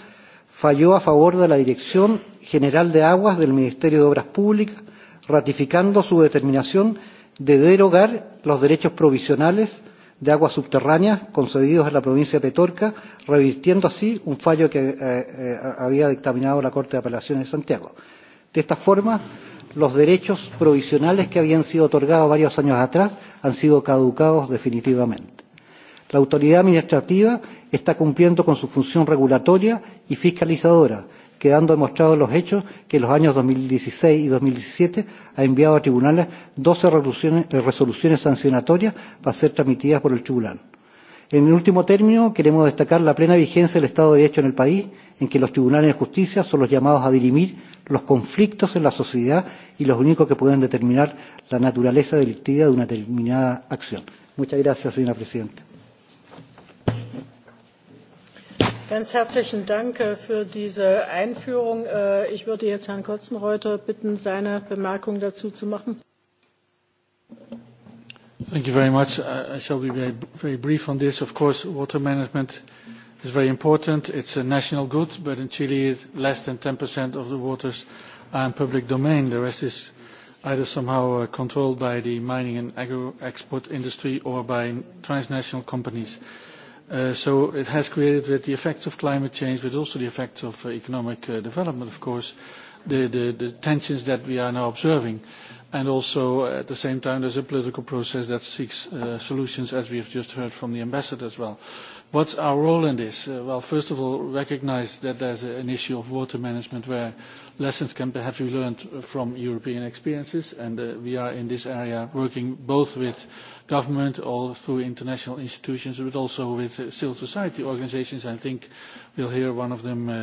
falló a favor de la Dirección General de Aguas del Ministerio de Obras Públicas, ratificando su determinación de derogar los derechos provisionales de aguas subterráneas concedidos en la provincia de Petorca, revirtiendo así un fallo que eh, eh, había dictaminado la Corte de Apelaciones de Santiago. De esta forma, los derechos provisionales que habían sido otorgados varios años atrás han sido caducados definitivamente. La autoridad administrativa está cumpliendo con su función regulatoria y fiscalizadora, quedando demostrados los hechos que en los años 2016 y 2017 ha enviado a tribunales 12 resoluciones, eh, resoluciones sancionatorias para ser transmitidas por el tribunal. En el último término, queremos destacar la plena vigencia del Estado de Derecho en el país, en que los tribunales de justicia son los llamados a dirimir los conflictos en la sociedad y los únicos que pueden determinar la naturaleza delictiva de una determinada acción. Muchas gracias, señora Presidenta. Ganz herzlichen Dank äh, für diese Einführung. Äh, ich würde jetzt Herrn Kotzenreuther bitten, seine Bemerkung dazu zu machen. Thank you very much. I shall be very, very brief on this. Of course, water management is very important. It's a national good, but in Chile, less than 10% of the waters are in public domain. The rest is either somehow uh, controlled by the mining and agro export industry or by transnational companies. Uh, so it has created that the effects of climate change, but also the effects of uh, economic uh, development, of course, the, the, the tensions that we are now observing. And also, uh, at the same time, there's a political process that seeks uh, solutions, as we have just heard from the ambassador as well. What's our role in this? Uh, well, first of all, recognize that there's a, an issue of water management where lessons can perhaps be learned from European experiences, and uh, we are in this area working both with uh, government or through international institutions, but also with uh, civil society organizations. I think we'll hear one of them uh,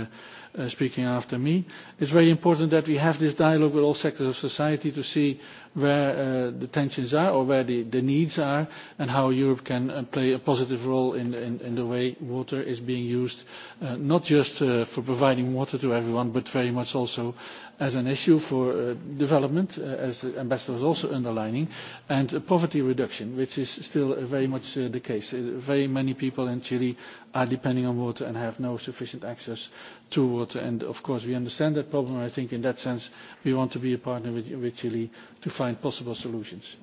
uh, speaking after me. It's very important that we have this dialogue with all sectors of society to see where uh, the tensions are or where the, the needs are and how Europe can uh, play a positive role in, in, in the way water is being used, uh, not just uh, for providing water to everyone, but very much also as an issue for uh, development, uh, as the ambassador was also underlining, and uh, poverty reduction, which is still uh, very much uh, the case. Uh, very many people in Chile are depending on water and have no sufficient access to water. And of course, we understand that problem. I think in that sense, we want to be a partner with, with Chile to find possible solutions.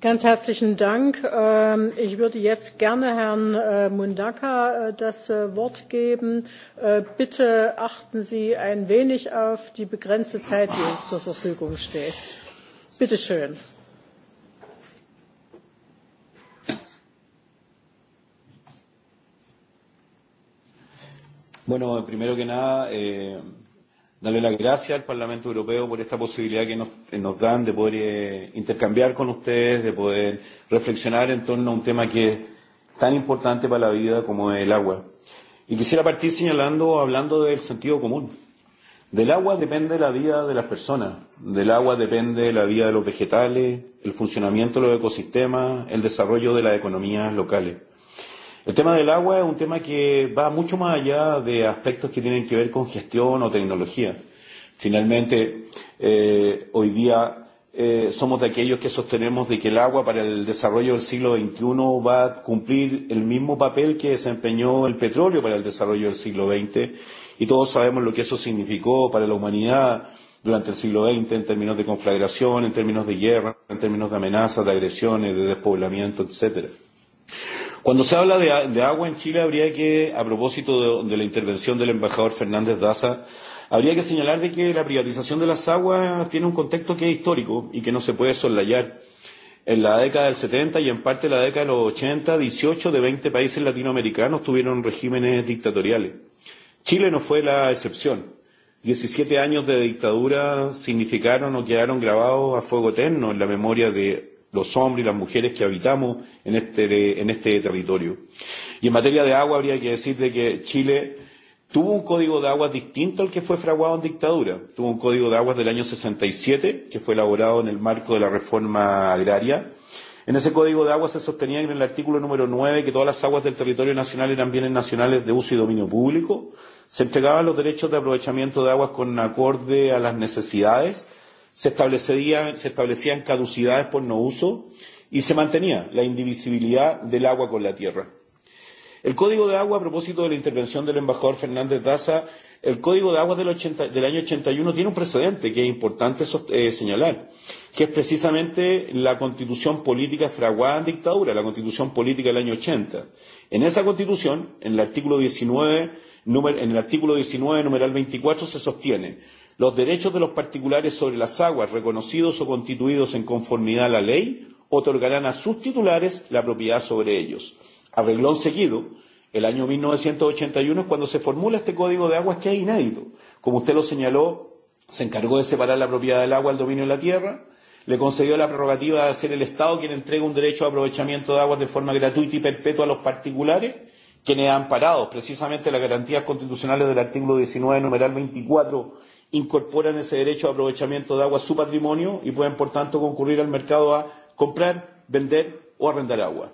Ganz herzlichen Dank. Ähm, ich würde jetzt gerne Herrn äh, Mundaka äh, das äh, Wort geben. Bitte achten Sie ein wenig auf die begrenzte Zeit, die uns zur Verfügung steht. Bitte schön. Bueno, primero que nada, eh, darle las gracias al Parlamento Europeo por esta posibilidad que nos, nos dan de poder eh, intercambiar con ustedes, de poder reflexionar en torno a un tema que es tan importante para la vida como es el agua. Y quisiera partir señalando, hablando del sentido común. Del agua depende la vida de las personas, del agua depende la vida de los vegetales, el funcionamiento de los ecosistemas, el desarrollo de las economías locales. El tema del agua es un tema que va mucho más allá de aspectos que tienen que ver con gestión o tecnología. Finalmente, eh, hoy día eh, somos de aquellos que sostenemos de que el agua para el desarrollo del siglo XXI va a cumplir el mismo papel que desempeñó el petróleo para el desarrollo del siglo XX y todos sabemos lo que eso significó para la humanidad durante el siglo XX en términos de conflagración, en términos de guerra, en términos de amenazas, de agresiones, de despoblamiento, etcétera. Cuando se habla de, de agua en Chile, habría que, a propósito de, de la intervención del embajador Fernández Daza, habría que señalar de que la privatización de las aguas tiene un contexto que es histórico y que no se puede soslayar. En la década del 70 y en parte de la década de los 80, 18 de 20 países latinoamericanos tuvieron regímenes dictatoriales. Chile no fue la excepción. 17 años de dictadura significaron o quedaron grabados a fuego eterno en la memoria de los hombres y las mujeres que habitamos en este, en este territorio. Y en materia de agua habría que decir de que Chile tuvo un código de aguas distinto al que fue fraguado en dictadura. Tuvo un código de aguas del año 67 que fue elaborado en el marco de la reforma agraria. En ese código de aguas se sostenía en el artículo número 9 que todas las aguas del territorio nacional eran bienes nacionales de uso y dominio público. Se entregaban los derechos de aprovechamiento de aguas con acorde a las necesidades se establecían, se establecían caducidades por no uso y se mantenía la indivisibilidad del agua con la tierra. El código de agua, a propósito de la intervención del embajador Fernández Daza, el código de agua del, 80, del año 81 tiene un precedente que es importante so, eh, señalar, que es precisamente la constitución política fraguada en dictadura, la constitución política del año 80. En esa constitución, en el artículo 19, en el artículo 19, numeral 24, se sostiene. Los derechos de los particulares sobre las aguas reconocidos o constituidos en conformidad a la ley otorgarán a sus titulares la propiedad sobre ellos. Arreglón seguido, el año 1981 es cuando se formula este código de aguas que es inédito. Como usted lo señaló, se encargó de separar la propiedad del agua al dominio de la tierra, le concedió la prerrogativa de ser el Estado quien entrega un derecho de aprovechamiento de aguas de forma gratuita y perpetua a los particulares quienes han parado precisamente las garantías constitucionales del artículo 19, numeral 24, incorporan ese derecho de aprovechamiento de agua a su patrimonio y pueden, por tanto, concurrir al mercado a comprar, vender o arrendar agua.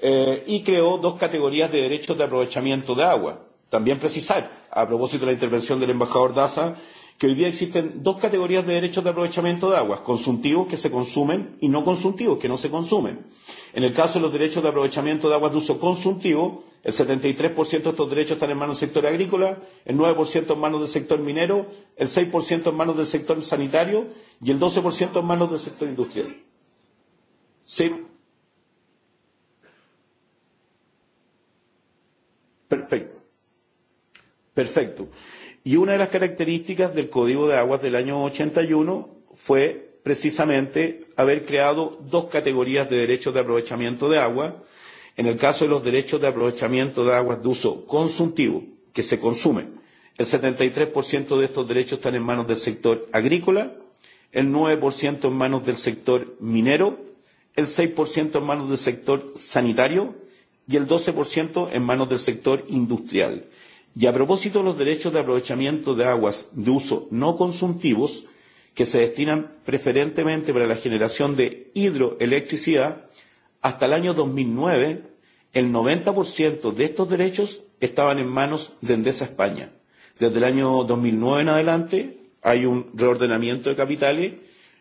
Eh, y creó dos categorías de derechos de aprovechamiento de agua. También precisar, a propósito de la intervención del embajador Daza, que hoy día existen dos categorías de derechos de aprovechamiento de aguas, consuntivos que se consumen y no consuntivos que no se consumen. En el caso de los derechos de aprovechamiento de aguas de uso consuntivo, el 73% de estos derechos están en manos del sector agrícola, el 9% en manos del sector minero, el 6% en manos del sector sanitario y el 12% en manos del sector industrial. Sí. Perfecto. Perfecto. Y una de las características del Código de Aguas del año 81 fue precisamente haber creado dos categorías de derechos de aprovechamiento de agua. En el caso de los derechos de aprovechamiento de aguas de uso consultivo, que se consume, el 73% de estos derechos están en manos del sector agrícola, el 9% en manos del sector minero, el 6% en manos del sector sanitario y el 12% en manos del sector industrial. Y a propósito de los derechos de aprovechamiento de aguas de uso no consumtivos, que se destinan preferentemente para la generación de hidroelectricidad, hasta el año 2009 el 90% de estos derechos estaban en manos de Endesa España. Desde el año 2009 en adelante hay un reordenamiento de capitales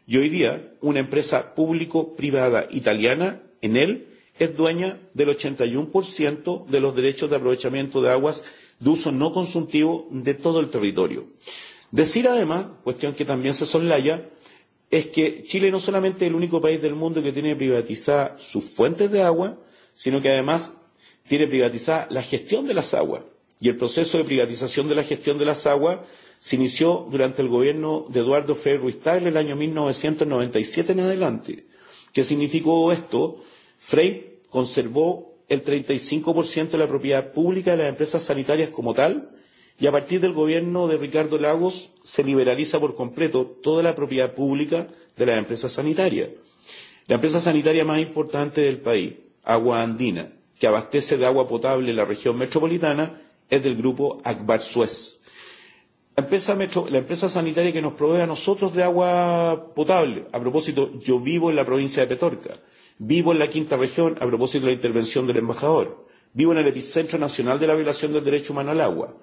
y hoy día una empresa público-privada italiana en él es dueña del 81% de los derechos de aprovechamiento de aguas de uso no consultivo de todo el territorio. Decir además, cuestión que también se soslaya, es que Chile no solamente es el único país del mundo que tiene privatizadas sus fuentes de agua, sino que además tiene privatizada la gestión de las aguas. Y el proceso de privatización de la gestión de las aguas se inició durante el gobierno de Eduardo Frei Ruiz Tagle el año 1997 en adelante. ¿Qué significó esto? Frei conservó el 35% de la propiedad pública de las empresas sanitarias como tal y a partir del gobierno de Ricardo Lagos se liberaliza por completo toda la propiedad pública de las empresas sanitarias. La empresa sanitaria más importante del país, Agua Andina, que abastece de agua potable la región metropolitana, es del grupo Akbar Suez. La empresa, metro, la empresa sanitaria que nos provee a nosotros de agua potable, a propósito, yo vivo en la provincia de Petorca, Vivo en la quinta región, a propósito de la intervención del embajador. Vivo en el epicentro nacional de la violación del derecho humano al agua.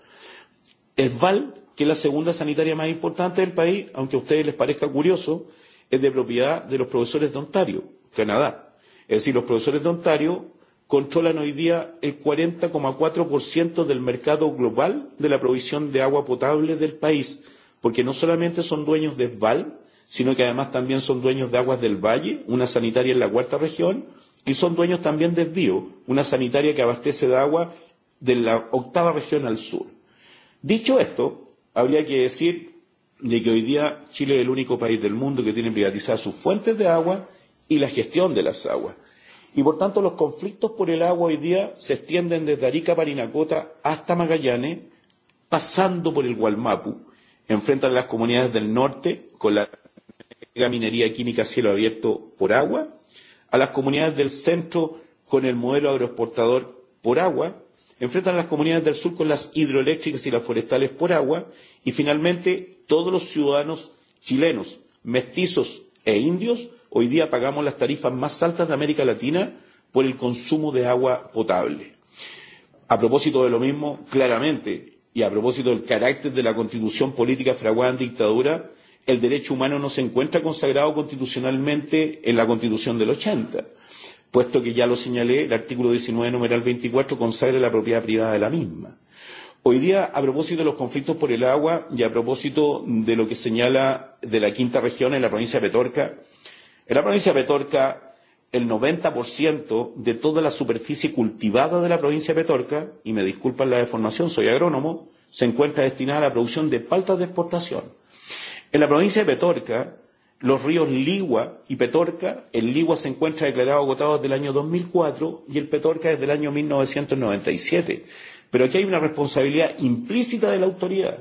Es Val, que es la segunda sanitaria más importante del país, aunque a ustedes les parezca curioso, es de propiedad de los profesores de Ontario, Canadá. Es decir, los profesores de Ontario controlan hoy día el 40,4% del mercado global de la provisión de agua potable del país, porque no solamente son dueños de Val, sino que además también son dueños de Aguas del Valle, una sanitaria en la cuarta región, y son dueños también de Bio, una sanitaria que abastece de agua de la octava región al sur. Dicho esto, habría que decir de que hoy día Chile es el único país del mundo que tiene privatizadas sus fuentes de agua y la gestión de las aguas. Y por tanto, los conflictos por el agua hoy día se extienden desde Arica, Parinacota hasta Magallanes, pasando por el Gualmapu, enfrentan las comunidades del norte con la la minería química a cielo abierto por agua, a las comunidades del centro con el modelo agroexportador por agua, enfrentan a las comunidades del sur con las hidroeléctricas y las forestales por agua, y finalmente todos los ciudadanos chilenos, mestizos e indios, hoy día pagamos las tarifas más altas de América Latina por el consumo de agua potable. A propósito de lo mismo, claramente, y a propósito del carácter de la constitución política fraguada en dictadura, el derecho humano no se encuentra consagrado constitucionalmente en la Constitución del 80, puesto que ya lo señalé, el artículo 19, numeral 24, consagra la propiedad privada de la misma. Hoy día, a propósito de los conflictos por el agua y a propósito de lo que señala de la quinta región en la provincia de Petorca, en la provincia de Petorca el 90% de toda la superficie cultivada de la provincia de Petorca, y me disculpan la deformación, soy agrónomo, se encuentra destinada a la producción de paltas de exportación. En la provincia de Petorca, los ríos Ligua y Petorca, el Ligua se encuentra declarado agotado desde el año 2004 y el Petorca desde el año 1997. Pero aquí hay una responsabilidad implícita de la autoridad.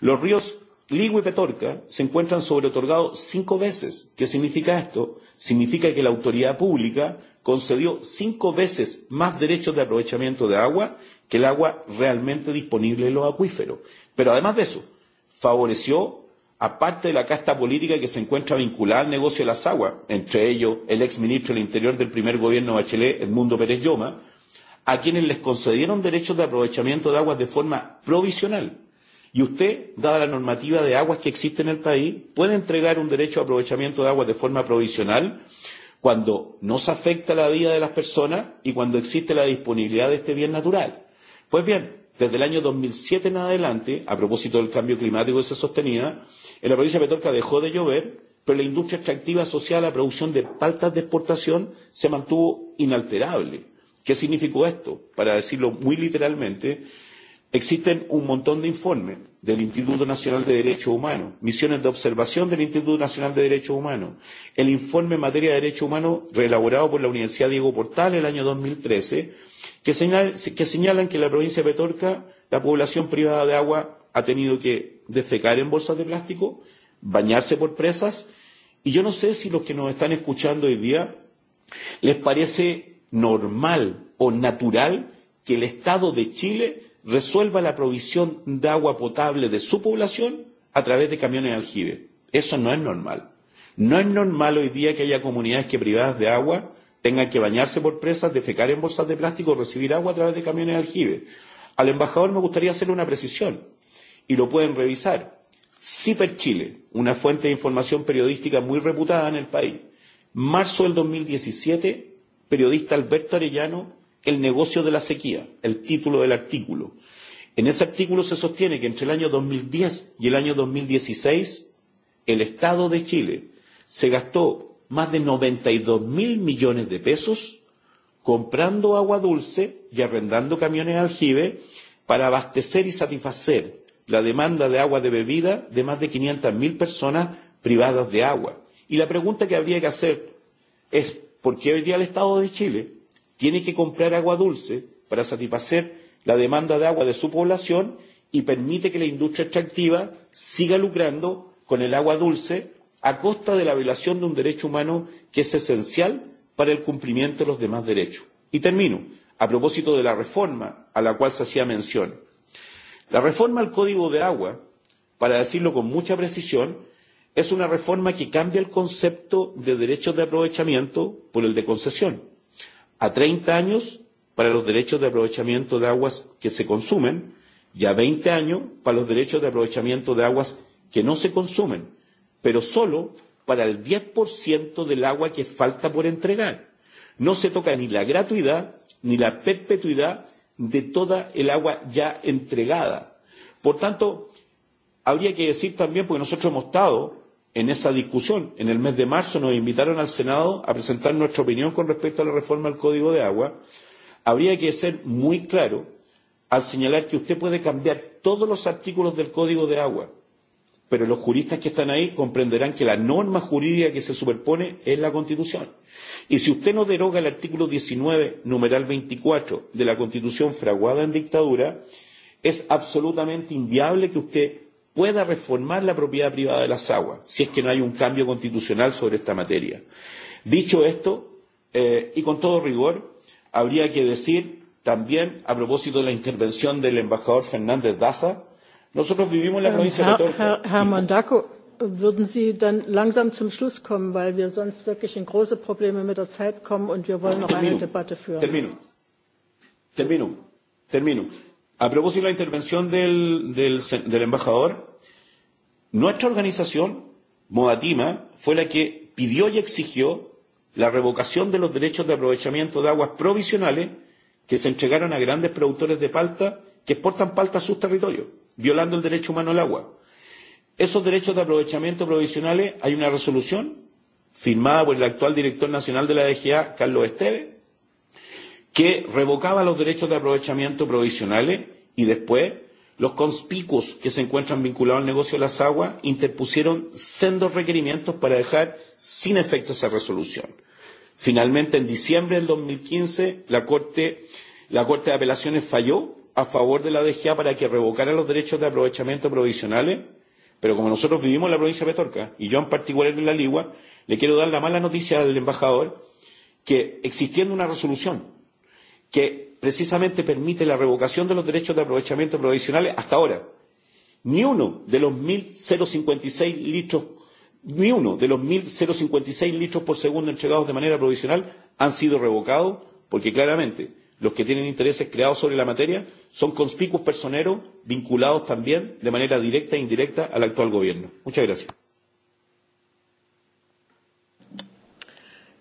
Los ríos Ligua y Petorca se encuentran sobreotorgados cinco veces. ¿Qué significa esto? Significa que la autoridad pública concedió cinco veces más derechos de aprovechamiento de agua que el agua realmente disponible en los acuíferos. Pero además de eso, favoreció aparte de la casta política que se encuentra vinculada al negocio de las aguas, entre ellos el ex ministro del Interior del primer gobierno de Bachelet, Edmundo Pérez Lloma, a quienes les concedieron derechos de aprovechamiento de aguas de forma provisional. Y usted, dada la normativa de aguas que existe en el país, puede entregar un derecho de aprovechamiento de aguas de forma provisional cuando no se afecta la vida de las personas y cuando existe la disponibilidad de este bien natural. Pues bien, desde el año 2007 en adelante, a propósito del cambio climático que se sostenía, en la provincia de Petorca dejó de llover, pero la industria extractiva asociada a la producción de paltas de exportación se mantuvo inalterable. ¿Qué significó esto? Para decirlo muy literalmente, Existen un montón de informes del Instituto Nacional de Derechos Humanos, misiones de observación del Instituto Nacional de Derechos Humanos, el informe en materia de derechos humanos reelaborado por la Universidad Diego Portal el año 2013, que, señal, que señalan que en la provincia de Petorca la población privada de agua ha tenido que defecar en bolsas de plástico, bañarse por presas, y yo no sé si los que nos están escuchando hoy día les parece normal o natural que el Estado de Chile resuelva la provisión de agua potable de su población a través de camiones de aljibe. Eso no es normal. No es normal hoy día que haya comunidades que privadas de agua tengan que bañarse por presas, defecar en bolsas de plástico o recibir agua a través de camiones de aljibe. Al embajador me gustaría hacerle una precisión y lo pueden revisar. CIPER Chile, una fuente de información periodística muy reputada en el país, marzo del 2017, periodista Alberto Arellano el negocio de la sequía, el título del artículo. En ese artículo se sostiene que entre el año 2010 y el año 2016 el Estado de Chile se gastó más de 92 mil millones de pesos comprando agua dulce y arrendando camiones aljibe para abastecer y satisfacer la demanda de agua de bebida de más de 500 mil personas privadas de agua. Y la pregunta que habría que hacer es, ¿por qué hoy día el Estado de Chile tiene que comprar agua dulce para satisfacer la demanda de agua de su población y permite que la industria extractiva siga lucrando con el agua dulce a costa de la violación de un derecho humano que es esencial para el cumplimiento de los demás derechos. Y termino a propósito de la reforma a la cual se hacía mención. La reforma al Código de Agua, para decirlo con mucha precisión, es una reforma que cambia el concepto de derechos de aprovechamiento por el de concesión a 30 años para los derechos de aprovechamiento de aguas que se consumen y a 20 años para los derechos de aprovechamiento de aguas que no se consumen, pero solo para el 10% del agua que falta por entregar. No se toca ni la gratuidad ni la perpetuidad de toda el agua ya entregada. Por tanto, habría que decir también, porque nosotros hemos estado en esa discusión, en el mes de marzo, nos invitaron al Senado a presentar nuestra opinión con respecto a la reforma del Código de Agua, habría que ser muy claro al señalar que usted puede cambiar todos los artículos del Código de Agua, pero los juristas que están ahí comprenderán que la norma jurídica que se superpone es la Constitución. Y si usted no deroga el artículo 19, numeral 24 de la Constitución fraguada en dictadura, es absolutamente inviable que usted pueda reformar la propiedad privada de las aguas, si es que no hay un cambio constitucional sobre esta materia. Dicho esto, eh, y con todo rigor, habría que decir también, a propósito de la intervención del embajador Fernández Daza, nosotros vivimos en la ähm, provincia um, de Torco. Herr, Herr Mandaco, würden Sie dann langsam zum Schluss kommen, weil wir sonst wirklich in große Probleme mit der Zeit kommen und wir wollen noch termino, eine Debatte führen. Termino, termino, termino. A propósito de la intervención del, del, del embajador, nuestra organización, Modatima, fue la que pidió y exigió la revocación de los derechos de aprovechamiento de aguas provisionales que se entregaron a grandes productores de palta que exportan palta a sus territorios, violando el derecho humano al agua. Esos derechos de aprovechamiento provisionales hay una resolución firmada por el actual director nacional de la DGA, Carlos Esteves, que revocaba los derechos de aprovechamiento provisionales y después los conspicuos que se encuentran vinculados al negocio de las aguas interpusieron sendos requerimientos para dejar sin efecto esa resolución. Finalmente, en diciembre del 2015, la Corte, la Corte de Apelaciones falló a favor de la DGA para que revocara los derechos de aprovechamiento provisionales, pero como nosotros vivimos en la provincia de Petorca, y yo en particular en la Ligua, le quiero dar la mala noticia al embajador que existiendo una resolución que precisamente permite la revocación de los derechos de aprovechamiento provisionales hasta ahora. Ni uno de los 1.056 litros, ni uno de los 1.056 litros por segundo entregados de manera provisional han sido revocados, porque claramente los que tienen intereses creados sobre la materia son conspicuos personeros vinculados también de manera directa e indirecta al actual gobierno. Muchas gracias.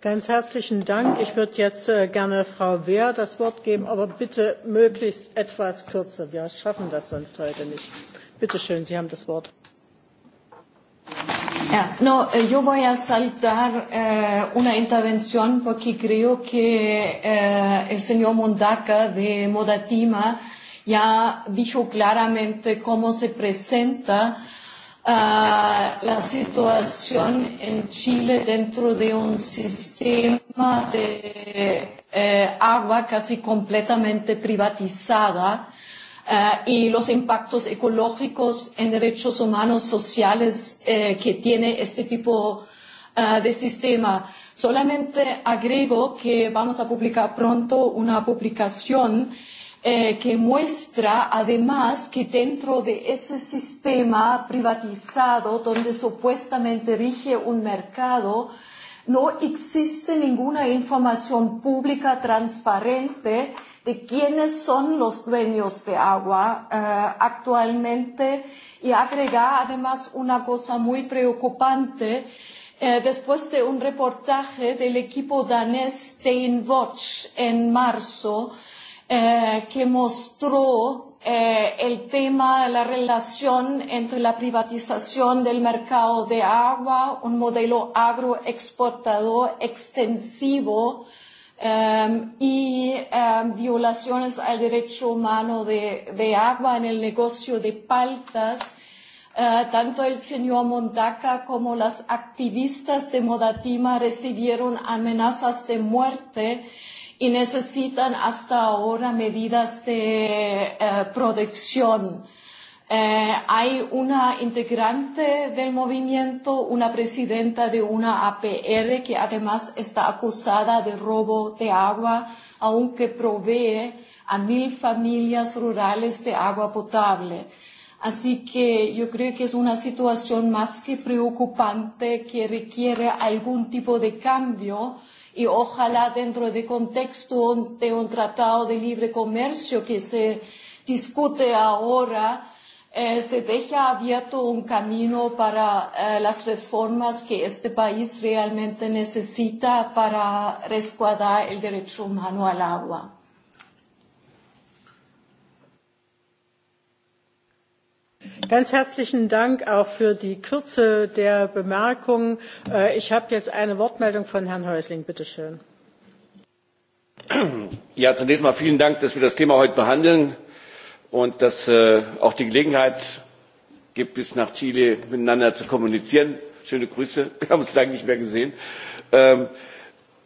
Ganz herzlichen Dank. Ich würde jetzt äh, gerne Frau Wehr das Wort geben, aber bitte möglichst etwas kürzer. Wir schaffen das sonst heute nicht. Bitte schön, Sie haben das Wort. Ja, no, äh, yo voy a saltar eh, äh, una intervención porque creo que eh, el señor Mondaca de Modatima ya dijo claramente cómo se presenta eh, uh, la situación en Chile dentro de un sistema de eh, agua casi completamente privatizada uh, y los impactos ecológicos en derechos humanos sociales eh, que tiene este tipo Uh, de sistema. Solamente agrego que vamos a publicar pronto una publicación uh, eh, que muestra además que dentro de ese sistema privatizado donde supuestamente rige un mercado, no existe ninguna información pública transparente de quiénes son los dueños de agua eh, actualmente y agrega además una cosa muy preocupante eh, después de un reportaje del equipo danés Steinwatch en marzo eh, eh, que mostró eh, el tema de la relación entre la privatización del mercado de agua, un modelo agroexportador extensivo eh, y eh, violaciones al derecho humano de, de agua en el negocio de paltas. Uh, tanto el señor Mondaca como las activistas de Modatima recibieron amenazas de muerte uh, y necesitan hasta ahora medidas de eh, protección. Eh, hay una integrante del movimiento, una presidenta de una APR que además está acusada de robo de agua, aunque provee a mil familias rurales de agua potable. Así que yo creo que es una situación más que preocupante que requiere algún tipo de cambio uh, y ojalá dentro del contexto de un tratado de libre comercio que se discute ahora, eh, se deje abierto un camino para eh, las reformas que este país realmente necesita para resguardar el derecho humano al agua. Ganz herzlichen Dank auch für die Kürze der Bemerkung. Äh, ich habe jetzt eine Wortmeldung von Herrn Häusling. Bitte schön. Ja, zunächst mal vielen Dank, dass wir das Thema heute behandeln und dass äh, auch die Gelegenheit gibt, bis nach Chile miteinander zu kommunizieren. Schöne Grüße. Wir haben uns lange nicht mehr gesehen. Ähm,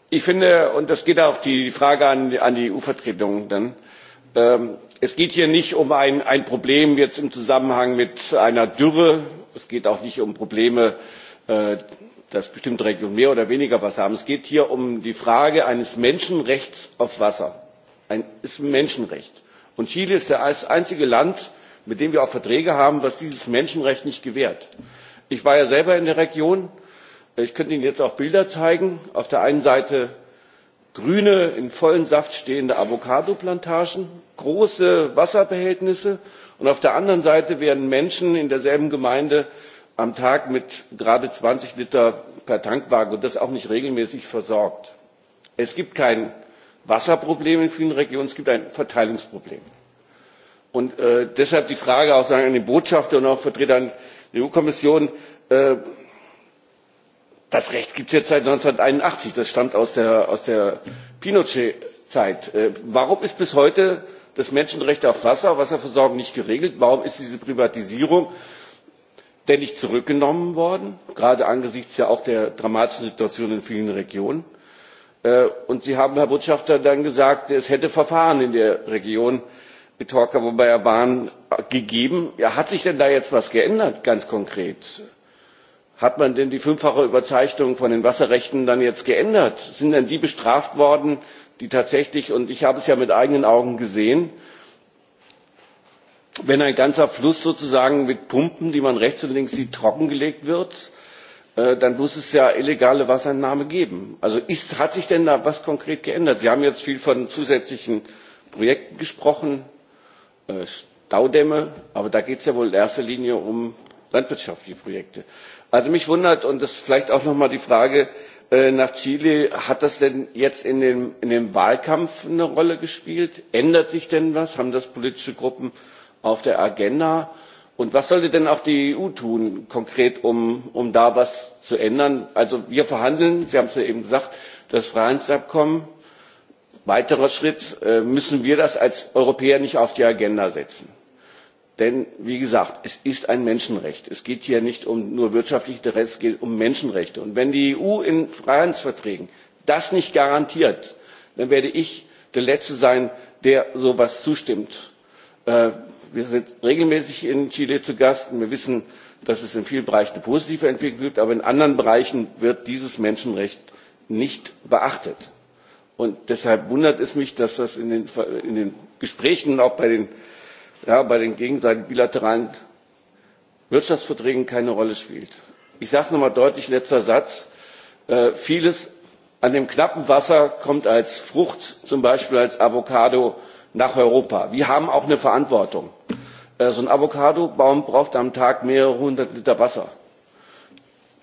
ich finde, und das geht auch die Frage an die EU-Vertretung dann, ähm, es geht hier nicht um ein problem jetzt im zusammenhang mit einer dürre es geht auch nicht um probleme äh, dass bestimmte regionen mehr oder weniger wasser haben es geht hier um die frage eines menschenrechts auf wasser. es ist ein menschenrecht und chile ist das einzige land mit dem wir auch verträge haben das dieses menschenrecht nicht gewährt. ich war ja selber in der region ich könnte ihnen jetzt auch bilder zeigen auf der einen seite grüne in vollem saft stehende avocadoplantagen große wasserbehältnisse und auf der anderen seite werden menschen in derselben gemeinde am tag mit gerade zwanzig liter per tankwagen und das auch nicht regelmäßig versorgt. es gibt kein wasserproblem in vielen regionen es gibt ein verteilungsproblem. und äh, deshalb die frage auch an den botschafter und auch an vertreter der eu kommission äh, das Recht gibt es jetzt seit 1981. Das stammt aus der, aus der Pinochet-Zeit. Äh, warum ist bis heute das Menschenrecht auf Wasser, Wasserversorgung nicht geregelt? Warum ist diese Privatisierung denn nicht zurückgenommen worden? Gerade angesichts ja auch der dramatischen Situation in vielen Regionen. Äh, und Sie haben, Herr Botschafter, dann gesagt, es hätte Verfahren in der Region Betorka, wobei er Bahn ja gegeben. Ja, hat sich denn da jetzt was geändert, ganz konkret? hat man denn die fünffache Überzeichnung von den Wasserrechten dann jetzt geändert? Sind denn die bestraft worden, die tatsächlich, und ich habe es ja mit eigenen Augen gesehen, wenn ein ganzer Fluss sozusagen mit Pumpen, die man rechts und links sieht, trockengelegt wird, äh, dann muss es ja illegale Wasserentnahme geben. Also ist, hat sich denn da was konkret geändert? Sie haben jetzt viel von zusätzlichen Projekten gesprochen, äh, Staudämme, aber da geht es ja wohl in erster Linie um landwirtschaftliche Projekte. Also mich wundert, und das ist vielleicht auch nochmal die Frage äh, nach Chile, hat das denn jetzt in dem, in dem Wahlkampf eine Rolle gespielt? Ändert sich denn was? Haben das politische Gruppen auf der Agenda? Und was sollte denn auch die EU tun, konkret, um, um da was zu ändern? Also wir verhandeln, Sie haben es ja eben gesagt, das Freihandelsabkommen. Weiterer Schritt, äh, müssen wir das als Europäer nicht auf die Agenda setzen? denn wie gesagt es ist ein menschenrecht es geht hier nicht um nur um wirtschaftliche interessen es geht um menschenrechte. und wenn die eu in freihandelsverträgen das nicht garantiert dann werde ich der letzte sein der so etwas zustimmt. Äh, wir sind regelmäßig in chile zu gast und wir wissen dass es in vielen bereichen eine positive entwicklung gibt aber in anderen bereichen wird dieses menschenrecht nicht beachtet. und deshalb wundert es mich dass das in den gesprächen auch bei den ja, bei den gegenseitigen bilateralen Wirtschaftsverträgen keine Rolle spielt. Ich sage es nochmal deutlich, letzter Satz. Äh, vieles an dem knappen Wasser kommt als Frucht, zum Beispiel als Avocado, nach Europa. Wir haben auch eine Verantwortung. Äh, so ein Avocado-Baum braucht am Tag mehrere hundert Liter Wasser.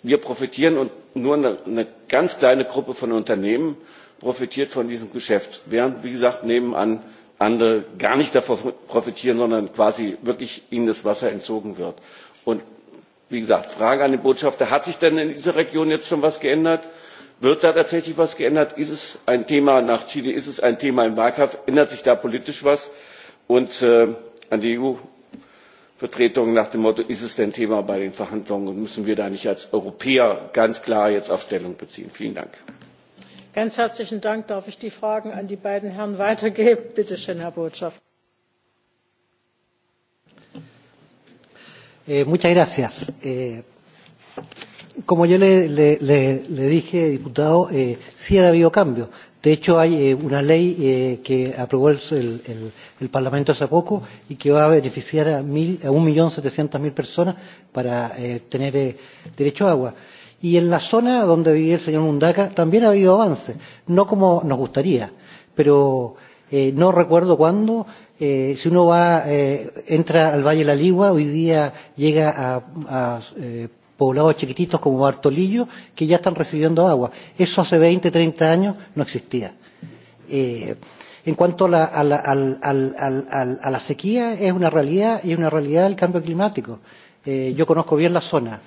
Wir profitieren und nur eine, eine ganz kleine Gruppe von Unternehmen profitiert von diesem Geschäft, während, wie gesagt, nebenan andere gar nicht davon profitieren, sondern quasi wirklich ihnen das Wasser entzogen wird. Und wie gesagt, Frage an den Botschafter, hat sich denn in dieser Region jetzt schon was geändert? Wird da tatsächlich was geändert? Ist es ein Thema nach Chile? Ist es ein Thema im Wahlkampf? Ändert sich da politisch was? Und äh, an die EU-Vertretung nach dem Motto, ist es denn Thema bei den Verhandlungen? Und müssen wir da nicht als Europäer ganz klar jetzt auch Stellung beziehen? Vielen Dank ganz herzlichen dank darf ich die fragen an die beiden herren weitergeben bitte schön herr botschafter. Eh, eh, como yo le, le, le dije diputado eh, sí ha habido cambio de hecho hay eh, una ley eh, que aprobó el, el, el parlamento hace poco y que va a beneficiar a un millón setecientos mil personas para eh, tener eh, derecho a agua. Y en la zona donde vivía el señor Mundaca también ha habido avance, no como nos gustaría, pero eh, no recuerdo cuándo. Eh, si uno va, eh, entra al Valle de la Ligua, hoy día llega a, a eh, poblados chiquititos como Bartolillo, que ya están recibiendo agua. Eso hace 20, 30 años no existía. Eh, en cuanto a la, a, la, al, al, al, al, a la sequía, es una realidad y es una realidad el cambio climático. Eh, yo conozco bien la zona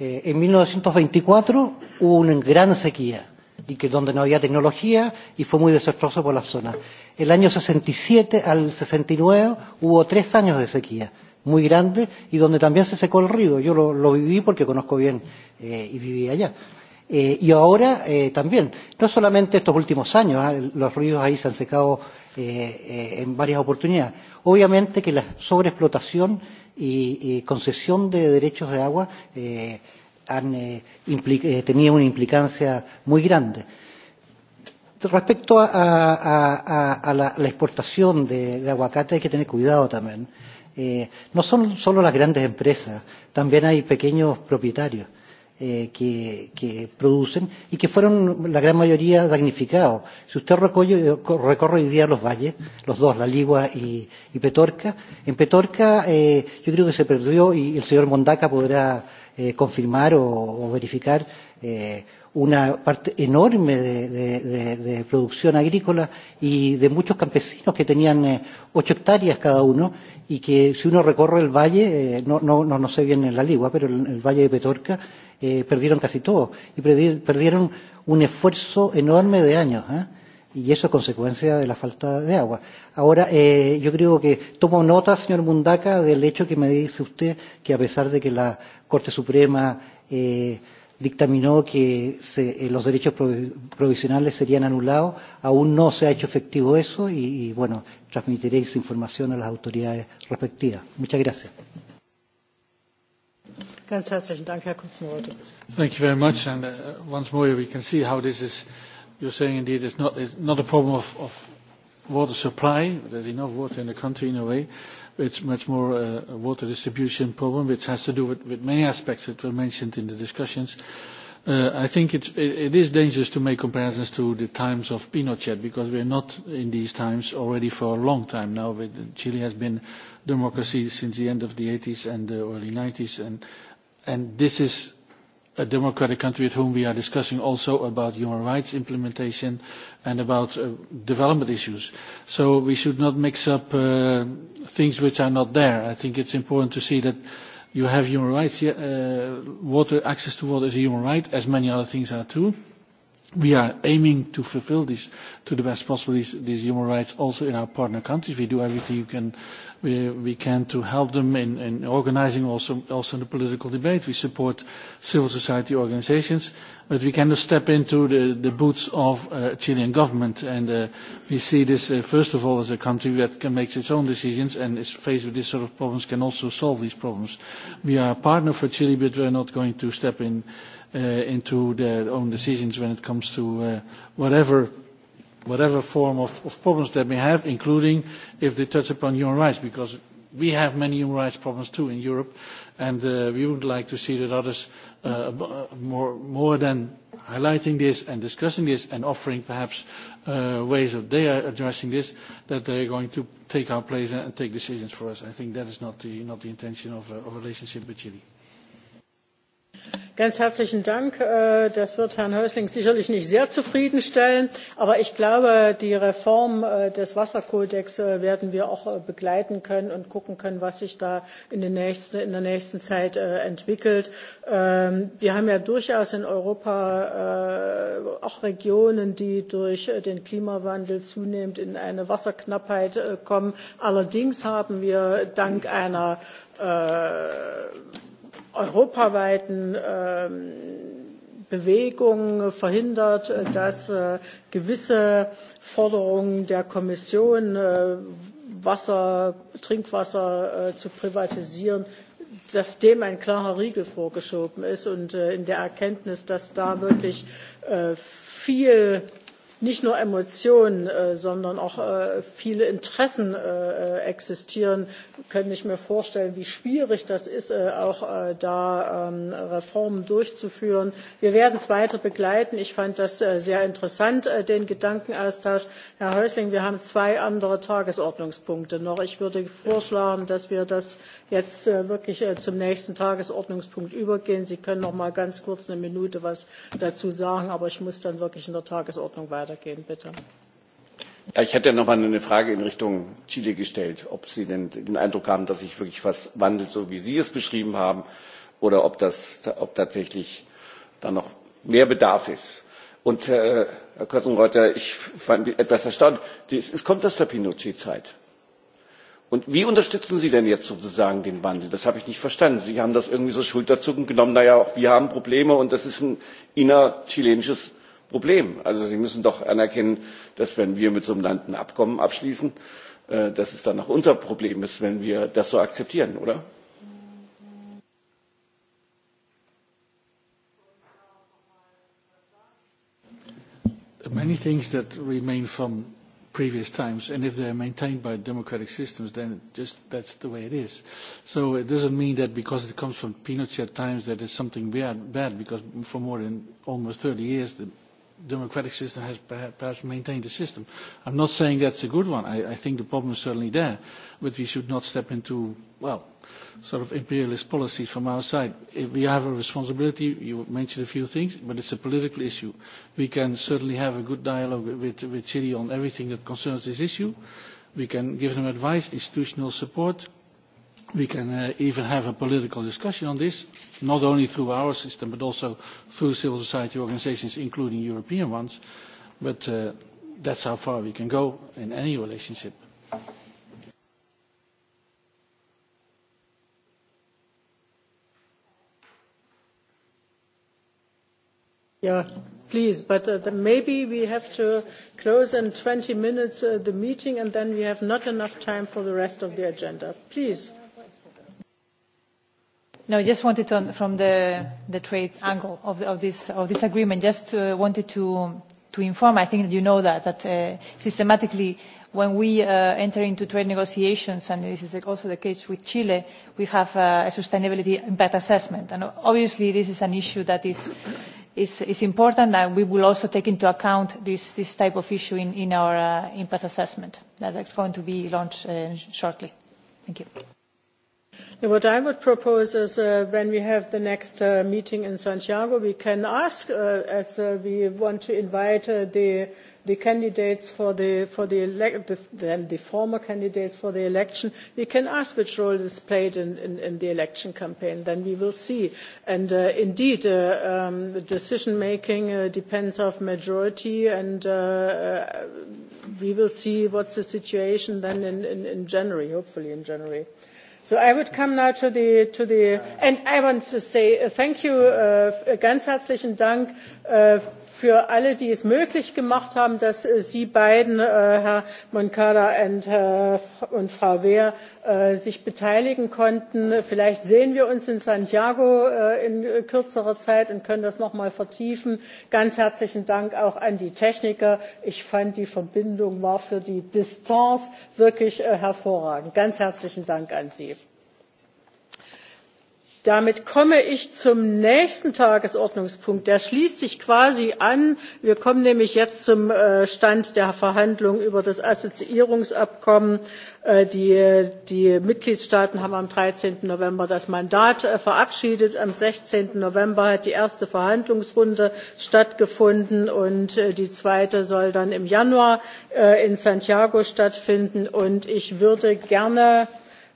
eh, en 1924 hubo una gran sequía y que donde no había tecnología y fue muy desastroso por la zona. El año 67 al 69 hubo tres años de sequía muy grande y donde también se secó el río. Yo lo, lo viví porque conozco bien eh, y viví allá. Eh, y ahora eh, también, no solamente estos últimos años, ¿eh? los ríos ahí se han secado eh, eh, en varias oportunidades. Obviamente que la sobreexplotación y, y concesión de derechos de agua eh, han, eh, implica, eh, tenía una implicancia muy grande. Respecto a, a, a, a, la, a la exportación de, de aguacate hay que tener cuidado también. Eh, no son solo las grandes empresas, también hay pequeños propietarios eh, que, que producen y que fueron la gran mayoría damnificados. Si usted recorre, recorre hoy día los valles, los dos, la Ligua y, y Petorca, en Petorca eh, yo creo que se perdió y el señor Mondaca podrá eh, confirmar o, o verificar eh, una parte enorme de, de, de, de producción agrícola y de muchos campesinos que tenían eh, ocho hectáreas cada uno y que si uno recorre el valle, eh, no, no, no, no sé bien en la Ligua, pero el, el valle de Petorca, eh, perdieron casi todo y perdi perdieron un esfuerzo enorme de años. ¿eh? Y eso es consecuencia de la falta de agua. Ahora, eh, yo creo que tomo nota, señor Mundaca, del hecho que me dice usted que a pesar de que la Corte Suprema eh, dictaminó que se, eh, los derechos provisionales serían anulados, aún no se ha hecho efectivo eso y, y bueno, transmitiré esa información a las autoridades respectivas. Muchas gracias. Ganz herzlichen Dank, Herr Kutzenreuther. Thank you very much. And uh, once more, we can see how this is, you're saying indeed, it's not, it's not a problem of, of water supply. There's enough water in the country in a way. It's much more uh, a water distribution problem, which has to do with, with many aspects that were mentioned in the discussions. Uh, I think it's, it, it is dangerous to make comparisons to the times of Pinochet because we're not in these times already for a long time now. Chile has been democracy since the end of the 80s and the early 90s. And, and this is a democratic country at whom we are discussing also about human rights implementation and about uh, development issues. So we should not mix up uh, things which are not there. I think it's important to see that you have human rights, uh, water, access to water is a human right, as many other things are too we are aiming to fulfill this to the best possible these, these human rights also in our partner countries. We do everything you can, we, we can to help them in, in organizing also, also in the political debate. We support civil society organizations, but we cannot step into the, the boots of uh, Chilean government. And uh, we see this, uh, first of all, as a country that can make its own decisions and is faced with this sort of problems, can also solve these problems. We are a partner for Chile, but we are not going to step in. Uh, into their own decisions when it comes to uh, whatever whatever form of, of problems that may have, including if they touch upon human rights, because we have many human rights problems too in Europe, and uh, we would like to see that others, uh, uh, more, more than highlighting this and discussing this and offering perhaps uh, ways of they are addressing this, that they are going to take our place and take decisions for us. I think that is not the, not the intention of, uh, of a relationship with Chile ganz herzlichen dank äh, das wird herrn häusling sicherlich nicht sehr zufriedenstellen aber ich glaube die reform äh, des wasserkodex äh, werden wir auch begleiten können und gucken können was sich da in der nächsten zeit entwickelt. Ähm, wir haben ja durchaus in europa auch regionen die durch den klimawandel zunehmend in eine wasserknappheit kommen. allerdings haben wir dank einer europaweiten ähm, Bewegung verhindert, dass äh, gewisse Forderungen der Kommission, äh, Wasser, Trinkwasser äh, zu privatisieren, dass dem ein klarer Riegel vorgeschoben ist und in der Erkenntnis, dass da wirklich viel nicht nur Emotionen, äh, sondern auch äh, viele Interessen äh, äh existieren, können ich mir vorstellen, wie schwierig das ist, äh, auch äh, da ähm, Reformen durchzuführen. Wir werden es weiter begleiten. Ich fand das äh, sehr interessant, äh, den Gedankenaustausch. Herr Häusling, wir haben zwei andere Tagesordnungspunkte noch. Ich würde vorschlagen, dass wir das jetzt äh, wirklich äh, zum nächsten Tagesordnungspunkt übergehen. Sie können noch mal ganz kurz eine Minute was dazu sagen, aber ich muss dann wirklich in der Tagesordnung weiter weitergehen. Bitte. Ja, ich hätte noch mal eine Frage in Richtung Chile gestellt, ob Sie denn den Eindruck haben, dass sich wirklich was wandelt, so wie Sie es beschrieben haben, oder ob, das, ob tatsächlich da noch mehr Bedarf ist. Und äh, Herr Kötzenreuther, ich fand etwas erstaunt. Dies, es kommt aus der Pinochet-Zeit. Und wie unterstützen Sie denn jetzt sozusagen den Wandel? Das habe ich nicht verstanden. Sie haben das irgendwie so schulterzuckend genommen. Naja, auch wir haben Probleme und das ist ein innerchilenisches Problem. Also Sie müssen doch anerkennen, dass wenn wir mit so einem Land ein Abkommen abschließen, äh, dass es dann auch unser Problem ist, wenn wir das so akzeptieren, oder? Many things that remain from previous times, and if they're maintained by democratic systems, then just that's the way it is. So it doesn't mean that because it comes from Pinochet times that it's something bad, bad because for more than almost 30 years the democratic system has perhaps maintained the system. I'm not saying that's a good one. I, I think the problem is certainly there, but we should not step into, well, sort of imperialist policies from our side. If we have a responsibility, you mentioned a few things, but it's a political issue. We can certainly have a good dialogue with, with Chile on everything that concerns this issue. We can give them advice, institutional support, we can uh, even have a political discussion on this, not only through our system, but also through civil society organizations, including European ones. But uh, that's how far we can go in any relationship. Yeah, please, but uh, maybe we have to close in 20 minutes uh, the meeting and then we have not enough time for the rest of the agenda. Please. No, just wanted on from the trade angle of this agreement, just uh, wanted to inform. I think you know that uh, systematically, when we uh, enter into trade negotiations, and this is also the case with Chile, we have a sustainability impact assessment. And obviously, this is an issue that is important, and we will also take into account this type of issue in our impact assessment that is going to be launched shortly. Thank you what i would propose is uh, when we have the next uh, meeting in santiago we can ask uh, as uh, we want to invite uh, the the candidates for the for the, ele- the the former candidates for the election we can ask which role this played in, in, in the election campaign then we will see and uh, indeed uh, um, the decision making uh, depends of majority and uh, uh, we will see what's the situation then in, in, in January hopefully in January uh, i would come now to the to the and i want to say uh, thank you uh, uh, ganz herzlichen dank für alle, die es möglich gemacht haben, dass äh, Sie beiden, äh, Herr Moncada äh, und Frau Wehr, sich beteiligen konnten. Vielleicht sehen wir uns in Santiago in kürzerer Zeit und können das noch mal vertiefen. Ganz herzlichen Dank auch an die Techniker. Ich fand, die Verbindung war für die Distanz wirklich hervorragend. Ganz herzlichen Dank an Sie. Damit komme ich zum nächsten Tagesordnungspunkt. Der schließt sich quasi an. Wir kommen nämlich jetzt zum äh, Stand der Verhandlungen über das Assoziierungsabkommen. Äh, die, die Mitgliedstaaten haben am 13. November das Mandat äh, verabschiedet. Am 16. November hat die erste Verhandlungsrunde stattgefunden und die zweite soll dann im Januar in Santiago stattfinden. Und ich würde gerne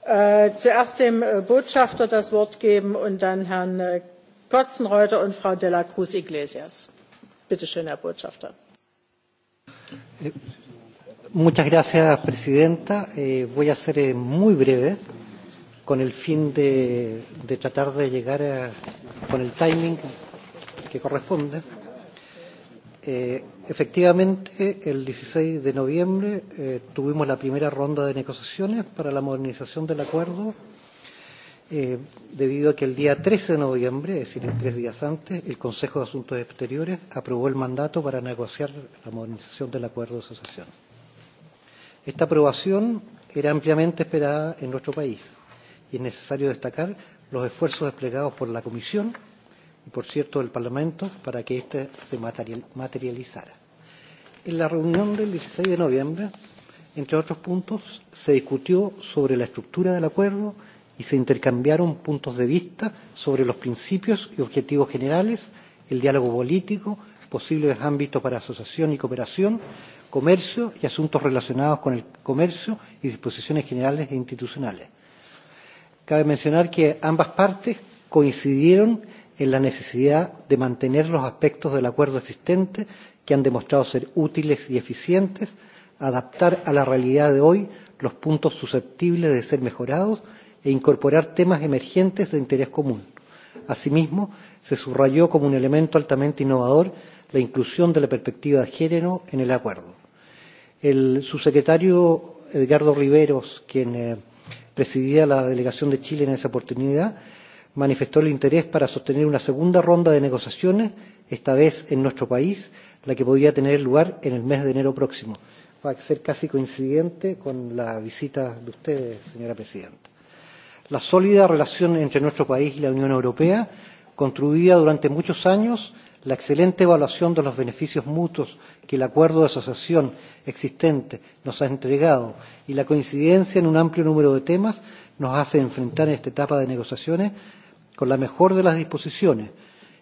Äh, zuerst dem äh, botschafter das wort geben und dann herrn äh, kotzenreuther und frau de la cruz iglesias. bitte schön herr botschafter. muchas gracias presidenta eh, voy a ser eh, muy breve con el fin de, de tratar de llegar a, con el timing que corresponde. Eh, Efectivamente, el 16 de noviembre eh, tuvimos la primera ronda de negociaciones para la modernización del acuerdo, eh, debido a que el día 13 de noviembre, es decir, tres días antes, el Consejo de Asuntos Exteriores aprobó el mandato para negociar la modernización del acuerdo de asociación. Esta aprobación era ampliamente esperada en nuestro país y es necesario destacar los esfuerzos desplegados por la Comisión y por cierto del Parlamento, para que éste se materializara. En la reunión del 16 de noviembre, entre otros puntos, se discutió sobre la estructura del acuerdo y se intercambiaron puntos de vista sobre los principios y objetivos generales, el diálogo político, posibles ámbitos para asociación y cooperación, comercio y asuntos relacionados con el comercio y disposiciones generales e institucionales. Cabe mencionar que ambas partes coincidieron en en la necesidad de mantener los aspectos del acuerdo existente que han demostrado ser útiles y eficientes, adaptar a la realidad de hoy los puntos susceptibles de ser mejorados e incorporar temas emergentes de interés común. Asimismo, se subrayó como un elemento altamente innovador la inclusión de la perspectiva de género en el acuerdo. El subsecretario Edgardo Riveros, quien eh, presidía la delegación de Chile en esa oportunidad, manifestó el interés para sostener una segunda ronda de negociaciones, esta vez en nuestro país, la que podría tener lugar en el mes de enero próximo. Va a ser casi coincidente con la visita de usted, señora presidenta. La sólida relación entre nuestro país y la Unión Europea, construida durante muchos años, la excelente evaluación de los beneficios mutuos que el acuerdo de asociación existente nos ha entregado y la coincidencia en un amplio número de temas nos hace enfrentar en esta etapa de negociaciones con la mejor de las disposiciones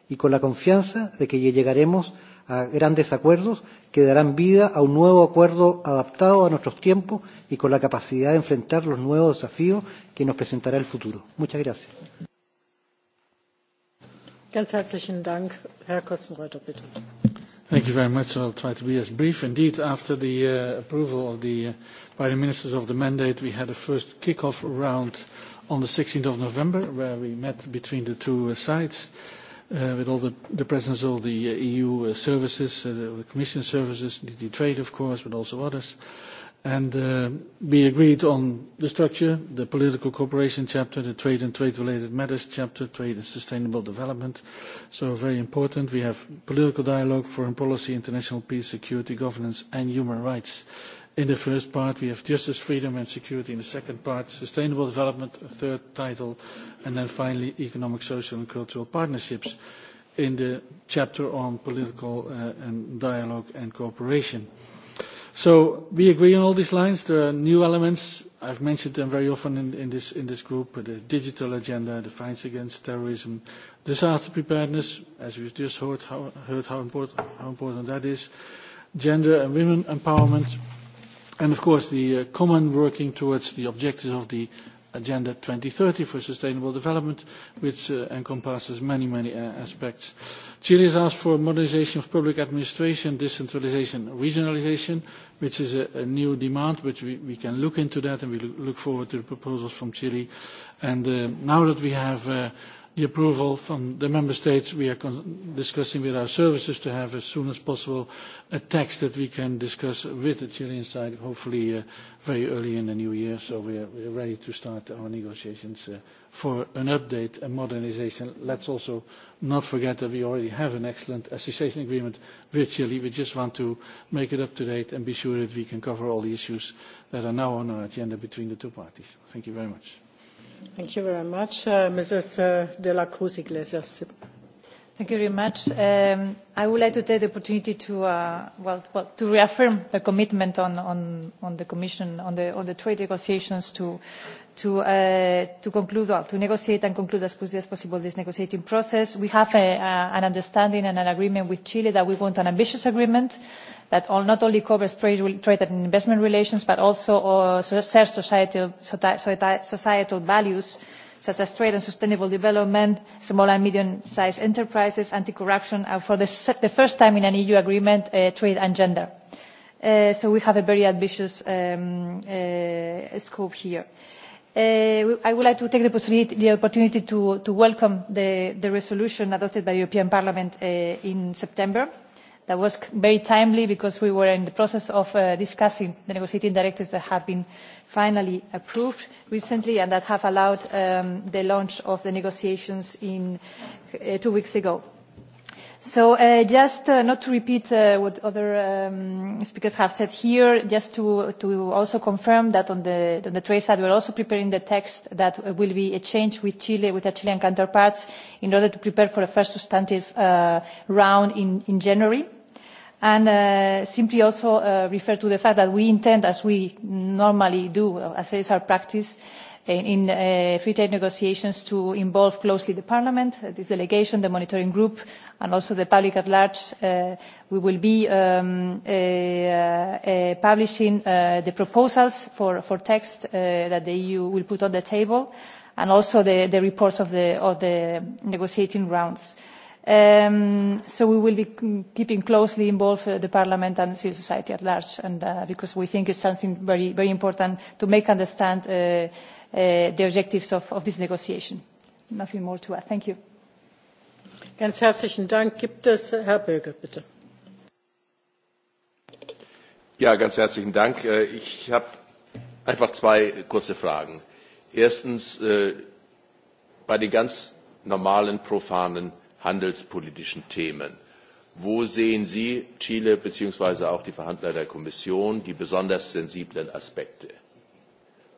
y con la confianza de que llegaremos a grandes acuerdos que darán vida a un nuevo acuerdo adaptado a nuestros tiempos y con la capacidad de enfrentar los nuevos desafíos que nos presentará el futuro. Muchas gracias. Ganz herzlichen Dank, Herr Kotzenreuther, bitte. Thank you very much. I'll try to be as brief. Indeed, after the uh, approval of the, uh, by the ministers of the mandate, we had a first kickoff round on the 16th of November, where we met between the two uh, sides uh, with all the, the presence of the uh, EU uh, services, uh, the Commission services, the, the trade, of course, but also others. And uh, we agreed on the structure, the political cooperation chapter, the trade and trade-related matters chapter, trade and sustainable development. So very important. We have political dialogue, foreign policy, international peace, security, governance, and human rights in the first part we have justice, freedom and security in the second part, sustainable development, a third title, and then finally economic, social and cultural partnerships in the chapter on political uh, and dialogue and cooperation. So we agree on all these lines. There are new elements. I've mentioned them very often in, in, this, in this group, the digital agenda, the fights against terrorism, disaster preparedness, as we've just heard, how, heard how, important, how important that is, gender and women empowerment, And of course, the uh, common working towards the objectives of the Agenda 2030 for Sustainable Development, which uh, encompasses many, many uh, aspects. Chile has asked for modernization of public administration, decentralization, regionalization, which is a, a new demand, but we, we can look into that, and we look forward to the proposals from Chile. And uh, now that we have uh, the approval from the member states. We are con discussing with our services to have as soon as possible a text that we can discuss with the Chilean side, hopefully uh, very early in the new year. So we are, we are ready to start our negotiations uh, for an update and modernization. Let's also not forget that we already have an excellent association agreement with Chile. We just want to make it up to date and be sure that we can cover all the issues that are now on our agenda between the two parties. Thank you very much. Thank you very much. Uh, Mrs. Uh, De La Cruz Iglesias. Thank you very much. Um, I would like to take the opportunity to, uh, well, well, to reaffirm the commitment on, on, on the Commission, on the, on the trade negotiations to, to, uh, to conclude, well, to negotiate and conclude as quickly as possible this negotiating process. We have a, a, an understanding and an agreement with Chile that we want an ambitious agreement that not only covers trade and investment relations but also uh, shared societal values such as trade and sustainable development small and mediumsized enterprises anti corruption and for the first time in an eu agreement uh, trade and gender. Uh, we have a very ambitious um, scope here. I would like to take the opportunity to welcome the resolution adopted by the european parliament in september that was very timely because we were in the process of uh, discussing the negotiating directives that have been finally approved recently and that have allowed um, the launch of the negotiations in, uh, two weeks ago. Uh, Uh, just uh, not to repeat uh, what other um, speakers have said here, just to also confirm that on the trade side, we're also preparing the text that will be a change with Chile, with our Chilean counterparts, in order to prepare for a first substantive round in January. Simply also refer to the fact that we intend, as we normally do, as is our practice, in uh, free trade negotiations to involve closely the parliament, uh, this delegation, the monitoring group, and also the public at large. Uh, we will be um, uh, uh, publishing uh, the proposals for, for text uh, that the eu will put on the table, and also the, the reports of the, of the negotiating rounds. Um, so we will be keeping closely involved uh, the Parliament and civil society at large, and, uh, because we think it's something very, very important to make understand uh, Uh, the objectives of this negotiation. nothing more to add. thank you. ganz herzlichen dank. gibt es herr böge bitte? ja ganz herzlichen dank. Äh, ich habe einfach zwei kurze fragen. erstens äh, bei den ganz normalen profanen handelspolitischen themen wo sehen sie chile beziehungsweise auch die verhandler der kommission die besonders sensiblen aspekte?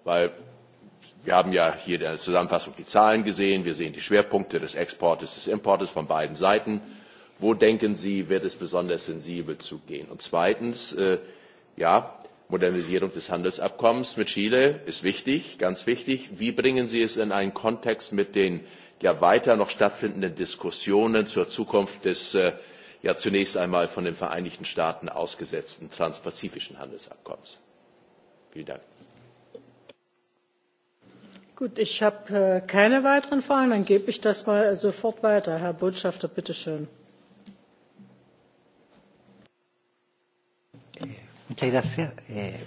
weil wir haben ja hier in der zusammenfassung die zahlen gesehen wir sehen die schwerpunkte des exports des imports von beiden seiten wo denken sie wird es besonders sensibel zugehen? und zweitens äh, ja modernisierung des handelsabkommens mit chile ist wichtig ganz wichtig. wie bringen sie es in einen kontext mit den ja weiter noch stattfindenden diskussionen zur zukunft des äh, ja zunächst einmal von den vereinigten staaten ausgesetzten transpazifischen handelsabkommens? vielen dank. Gut, ich habe äh, keine weiteren Fragen. Dann gebe ich das mal sofort weiter. Herr Botschafter, bitteschön. Eh, muchas gracias. Eh,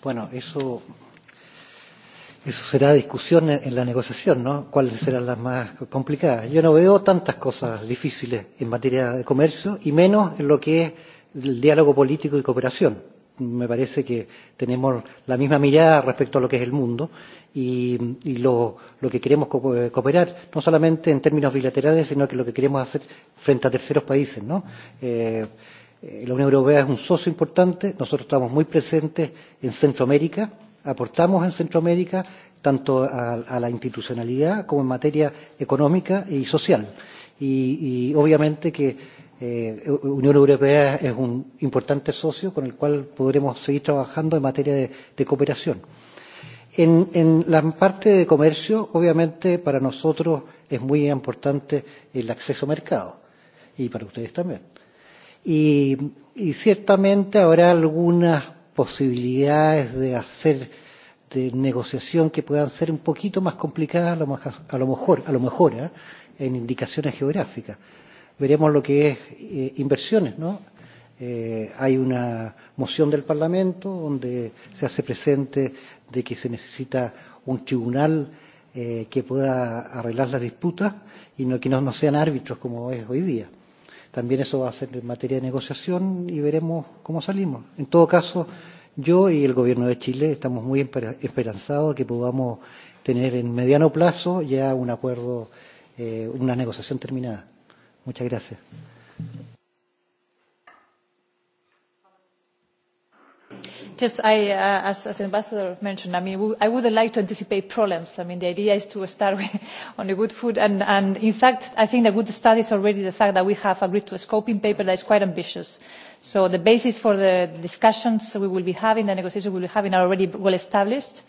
bueno, eso, eso será discusión en, en la negociación, ¿no? ¿Cuáles serán las más complicadas? Yo no veo tantas cosas difíciles en materia de comercio y menos en lo que es el diálogo político y cooperación me parece que tenemos la misma mirada respecto a lo que es el mundo y, y lo, lo que queremos co eh, cooperar, no solamente en términos bilaterales, sino que lo que queremos hacer frente a terceros países. ¿no? Eh, eh, la Unión Europea es un socio importante, nosotros estamos muy presentes en Centroamérica, aportamos en Centroamérica tanto a, a la institucionalidad como en materia económica y social. Y, y obviamente que Eh, Unión Europea es un importante socio con el cual podremos seguir trabajando en materia de, de cooperación. En, en la parte de comercio, obviamente, para nosotros es muy importante el acceso a mercado y para ustedes también. Y, y ciertamente habrá algunas posibilidades de hacer de negociación que puedan ser un poquito más complicadas a lo mejor, a lo mejor ¿eh? en indicaciones geográficas veremos lo que es eh, inversiones, ¿no? Eh, hay una moción del Parlamento donde se hace presente de que se necesita un tribunal eh, que pueda arreglar las disputas y no que no, no sean árbitros como es hoy día. También eso va a ser en materia de negociación y veremos cómo salimos. En todo caso, yo y el Gobierno de Chile estamos muy esperanzados de que podamos tener en mediano plazo ya un acuerdo, eh, una negociación terminada. Muchas gracias. Just I, uh, as, as Ambassador mentioned, I mean, I would like to anticipate problems. I mean, the idea is to start with, on a good food. And, and in fact, I think a good study is already the fact that we have agreed to a scoping paper that is quite ambitious. So the basis for the discussions we will be having, the negotiations we will be having, are already well established.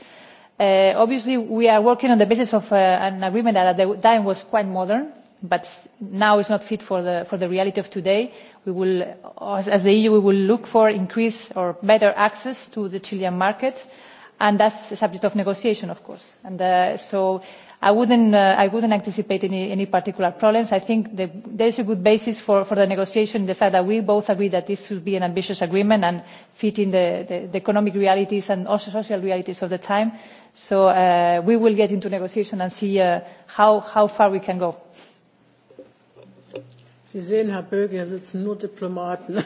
Uh, obviously, we are working on the basis of uh, an agreement that at the time was quite modern but now it is not fit for the reality of today. as the eu we will look for increased or better access to the chilean market and that is a subject of negotiation of course. Uh, so i would not uh, anticipate any particular problems. i think there is a good basis for the negotiation in the fact that we both agree that this should be an ambitious agreement and fit in the economic realities and also social realities of the time. so uh, we will get into negotiation and see how far we can go. Sie sehen, Herr Böge, hier sitzen nur Diplomaten.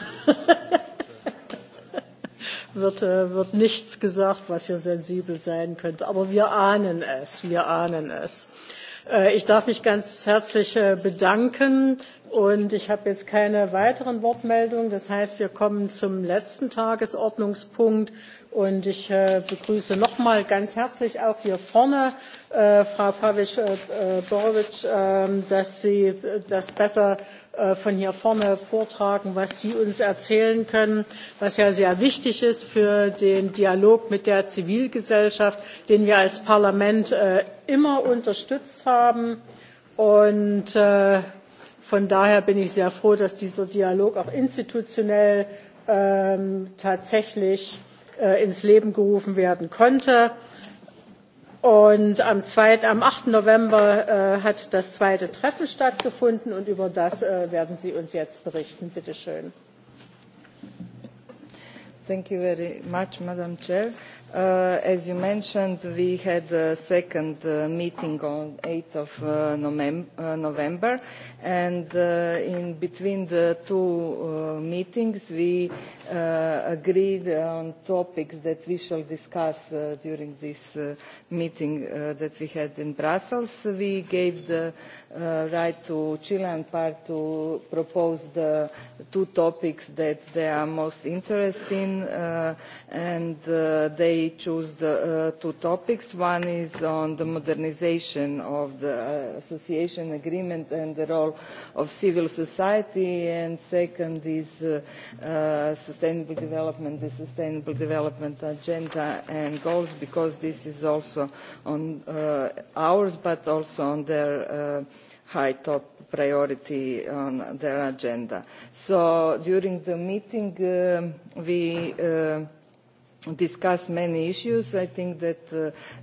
wird, äh, wird nichts gesagt, was hier sensibel sein könnte. Aber wir ahnen es, wir ahnen es. Äh, ich darf mich ganz herzlich äh, bedanken. Und ich habe jetzt keine weiteren Wortmeldungen. Das heißt, wir kommen zum letzten Tagesordnungspunkt und ich äh, begrüße noch mal ganz herzlich auch hier vorne äh, frau pavic äh, borovic ähm, dass sie das besser von hier vorne vortragen was sie uns erzählen können was ja sehr wichtig ist für den dialog mit der zivilgesellschaft den wir als parlament immer unterstützt haben und von daher bin ich sehr froh dass dieser dialog auch institutionell ähm, tatsächlich Äh, ins Leben gerufen werden konnte. Und am, 2., am 8. November äh, hat das zweite Treffen stattgefunden und über das äh, werden Sie uns jetzt berichten. Bitte schön. Thank you very much, Madam Chair. Uh, as you mentioned, we had a second uh, meeting on 8th of uh, Novem- uh, November, and uh, in between the two uh, meetings, we uh, agreed on topics that we shall discuss uh, during this uh, meeting uh, that we had in Brussels. We gave the uh, uh, right to children part to propose the two topics that they are most interested in uh, and uh, they choose the uh, two topics. One is on the modernization of the uh, association agreement and the role of civil society and second is uh, uh, sustainable development, the sustainable development agenda and goals because this is also on uh, ours but also on their uh, high top priority on their agenda. so during the meeting um, we uh, discuss many issues. I think that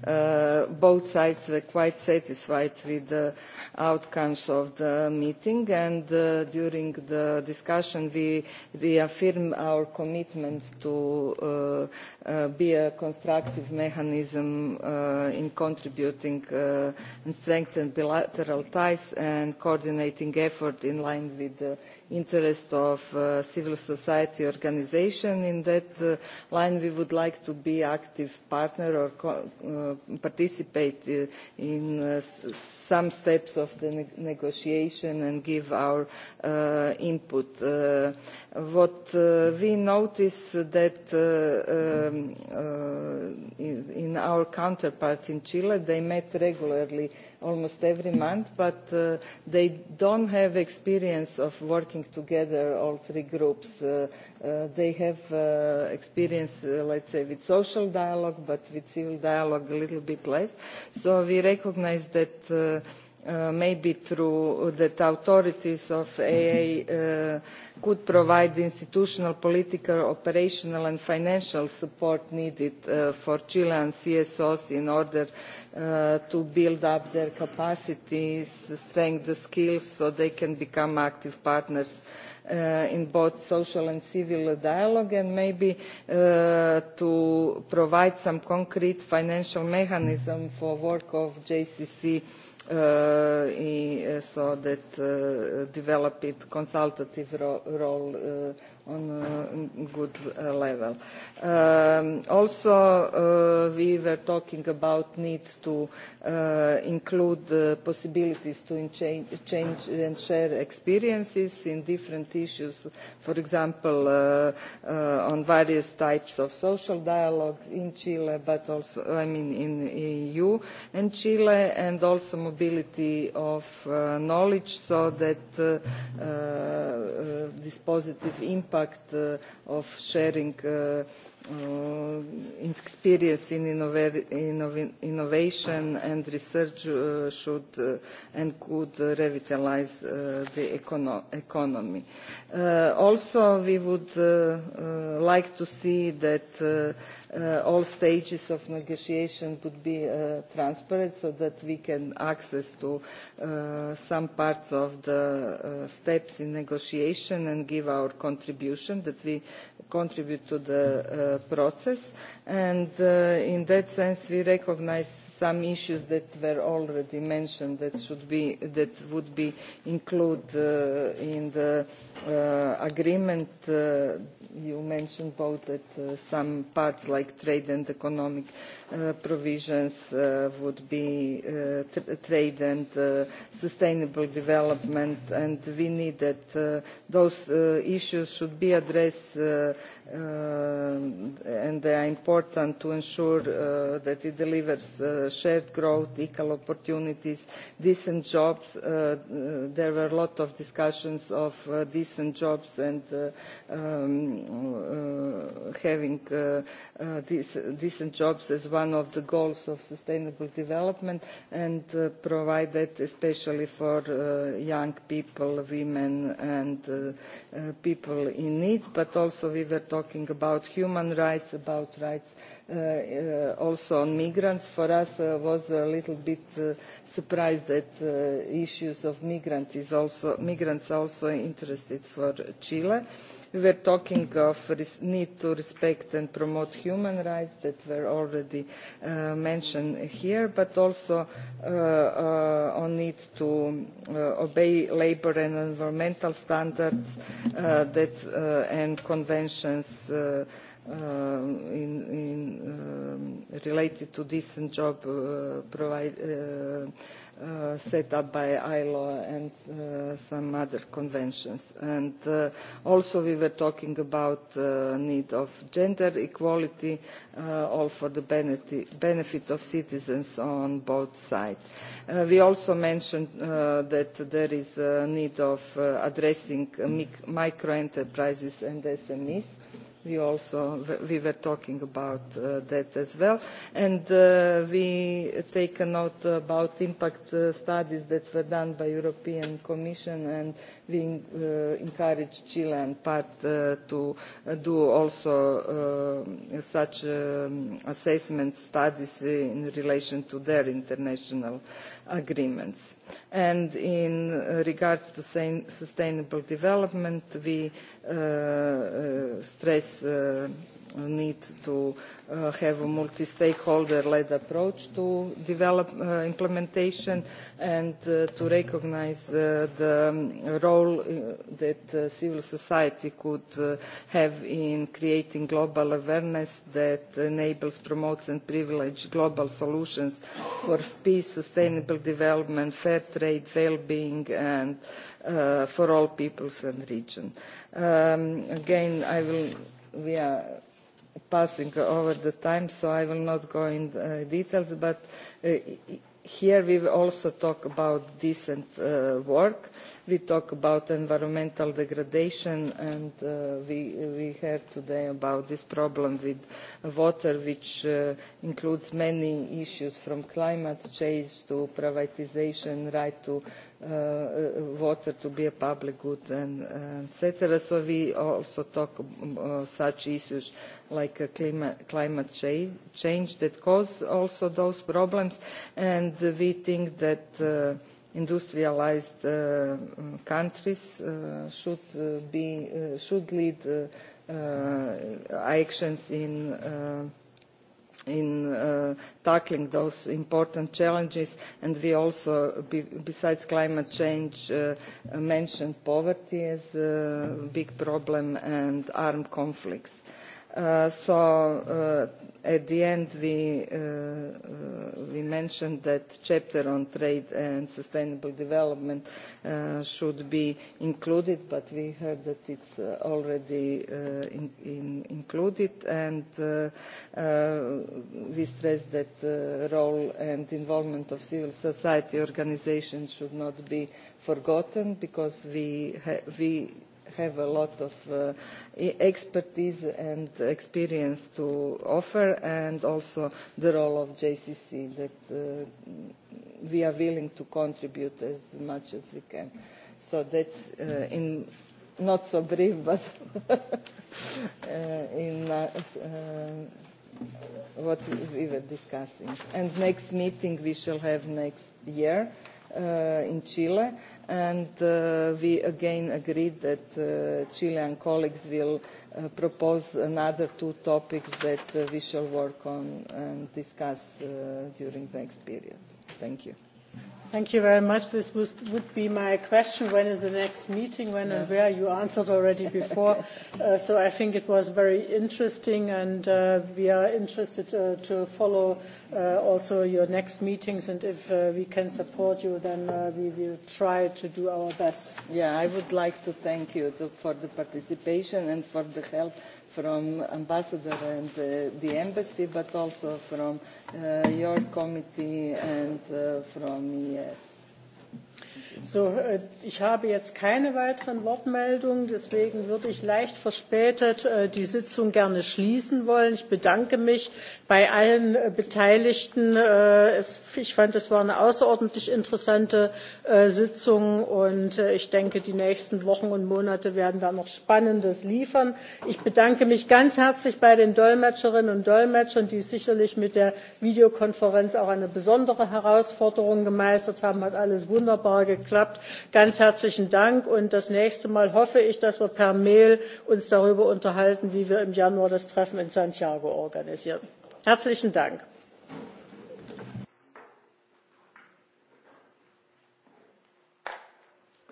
uh, uh, both sides were quite satisfied with the outcomes of the meeting and uh, during the discussion we reaffirm our commitment to uh, uh, be a constructive mechanism uh, in contributing uh, and strengthening bilateral ties and coordinating effort in line with the uh, interest of uh, civil society organization. In that uh, line, we would like to be active partner or co- uh, participate uh, in uh, s- some steps of the ne- negotiation and give our uh, input. Uh, what uh, we notice that uh, um, uh, in, in our counterparts in Chile, they met regularly almost every month, but uh, they don't have experience of working together, all three groups. Uh, uh, they have uh, experience, uh, let's say, with social dialogue, but with civil dialogue a little bit less. So we recognize that uh, uh, maybe through the authorities of AA uh, could provide institutional, political, operational and financial support needed uh, for Chilean CSOs in order uh, to build up their capacities, strength the skills so they can become active partners uh, in both social and civil dialogue and maybe uh, to provide some concrete financial mechanism for work of JCC uh, Uh, uh, so that uh, developed consultative role on a good level. Um, also, uh, we were talking about need to uh, include the possibilities to change and share experiences in different issues, for example, uh, on various types of social dialogue in Chile, but also, I mean, in EU and Chile, and also mobility of knowledge so that this positive impact impact uh, of sharing uh, uh, experience in innov innov innovation and research uh, should uh, and could uh, revitalize uh, the econo economy. Uh, also, we would uh, uh, like to see that uh, uh, all stages of negotiation would be uh, transparent so that we can access to uh, some parts of the uh, steps in negotiation and give our contribution that we contribute to the uh, process and uh, in that sense we recognize some issues that were already mentioned that should be that would be included uh, in the uh, agreement uh, you mentioned both that uh, some parts like trade and economic uh, provisions uh, would be uh, tr trade and uh, sustainable development and we need that uh, those uh, issues should be addressed uh, uh, and they are important to ensure uh, that it delivers uh, shared growth, equal opportunities, decent jobs. Uh, uh, there were a lot of discussions of uh, decent jobs and uh, um, uh, having uh, uh, this, decent jobs as one of the goals of sustainable development and uh, provide that especially for uh, young people, women and uh, uh, people in need, but also we were talking about human rights, about rights uh, uh, also on migrants. For us, uh, was a little bit uh, surprised that uh, issues of migrants is also migrants also interested for Chile. Uh, we are talking of this need to respect and promote human rights that were already uh, mentioned here, but also uh, uh, on need to uh, obey labor and environmental standards uh, that, uh, and conventions uh, uh, in, in, um, related to decent job uh, provide, uh, uh, set up by ILO and uh, some other conventions. And uh, also we were talking about uh, need of gender equality, uh, all for the benefit of citizens on both sides. Uh, we also mentioned uh, that there is a need of uh, addressing mic micro enterprises and SMEs we also we were talking about uh, that as well and uh, we take a note about impact uh, studies that were done by european commission and being uh, encouraged Chilean part uh, to uh, do also uh, such um, assessment studies in relation to their international agreements. And in uh, regards to sustainable development, we uh, uh, stress uh, need to uh, have a multi-stakeholder-led approach to develop uh, implementation and uh, to recognize uh, the role uh, that uh, civil society could uh, have in creating global awareness that enables, promotes and privileges global solutions for peace, sustainable development, fair trade, well-being and uh, for all peoples and regions. Um, again, I will, we are, passing over the time, so I will not go in uh, details, but uh, here we also talk about decent uh, work. We talk about environmental degradation, and uh, we, we heard today about this problem with water, which uh, includes many issues from climate change to privatization, right to uh, water to be a public good and etc. So we also talk um, uh, such issues like uh, climate, climate cha change that cause also those problems and we think that uh, industrialized uh, countries uh, should, uh, be, uh, should lead uh, uh, actions in uh, in uh, tackling those important challenges. And we also, be, besides climate change, uh, mentioned poverty as a big problem and armed conflicts. Uh, uh, at the end, we, uh, uh, we mentioned that chapter on trade and sustainable development uh, should be included, but we heard that it's uh, already uh, in, in included, and uh, uh, we stressed that uh, role and involvement of civil society organizations should not be forgotten, because we, ha- we have a lot of uh, e, expertise and experience to offer and also the role of JCC that uh, we are willing to contribute as much as we can. So that's uh, in not so brief, but uh, in uh, uh, what we were discussing. And next meeting we shall have next year uh, in Chile and uh, we again agreed that uh, Chilean colleagues will uh, propose another two topics that uh, we shall work on and discuss uh, during the next period. Thank you. Thank you very much. This was, would be my question. When is the next meeting? When yeah. and where? You answered already before. okay. uh, so I think it was very interesting, and uh, we are interested uh, to follow uh, also your next meetings. And if uh, we can support you, then uh, we will try to do our best. Yeah, I would like to thank you to, for the participation and for the help from ambassador and uh, the embassy, but also from uh, your committee and uh, from ES. So, äh, ich habe jetzt keine weiteren Wortmeldungen. Deswegen würde ich leicht verspätet äh, die Sitzung gerne schließen wollen. Ich bedanke mich bei allen äh, Beteiligten. Ich fand, es war eine außerordentlich interessante Sitzung. Und ich denke, die nächsten Wochen und Monate werden da noch Spannendes liefern. Ich bedanke mich ganz herzlich bei den Dolmetscherinnen und Dolmetschern, die sicherlich mit der Videokonferenz auch eine besondere Herausforderung gemeistert haben. Hat alles wunderbar geklappt geklappt. Ganz herzlichen Dank. Und das nächste Mal hoffe ich, dass wir per Mail uns darüber unterhalten, wie wir im Januar das Treffen in Santiago organisieren. Herzlichen Dank.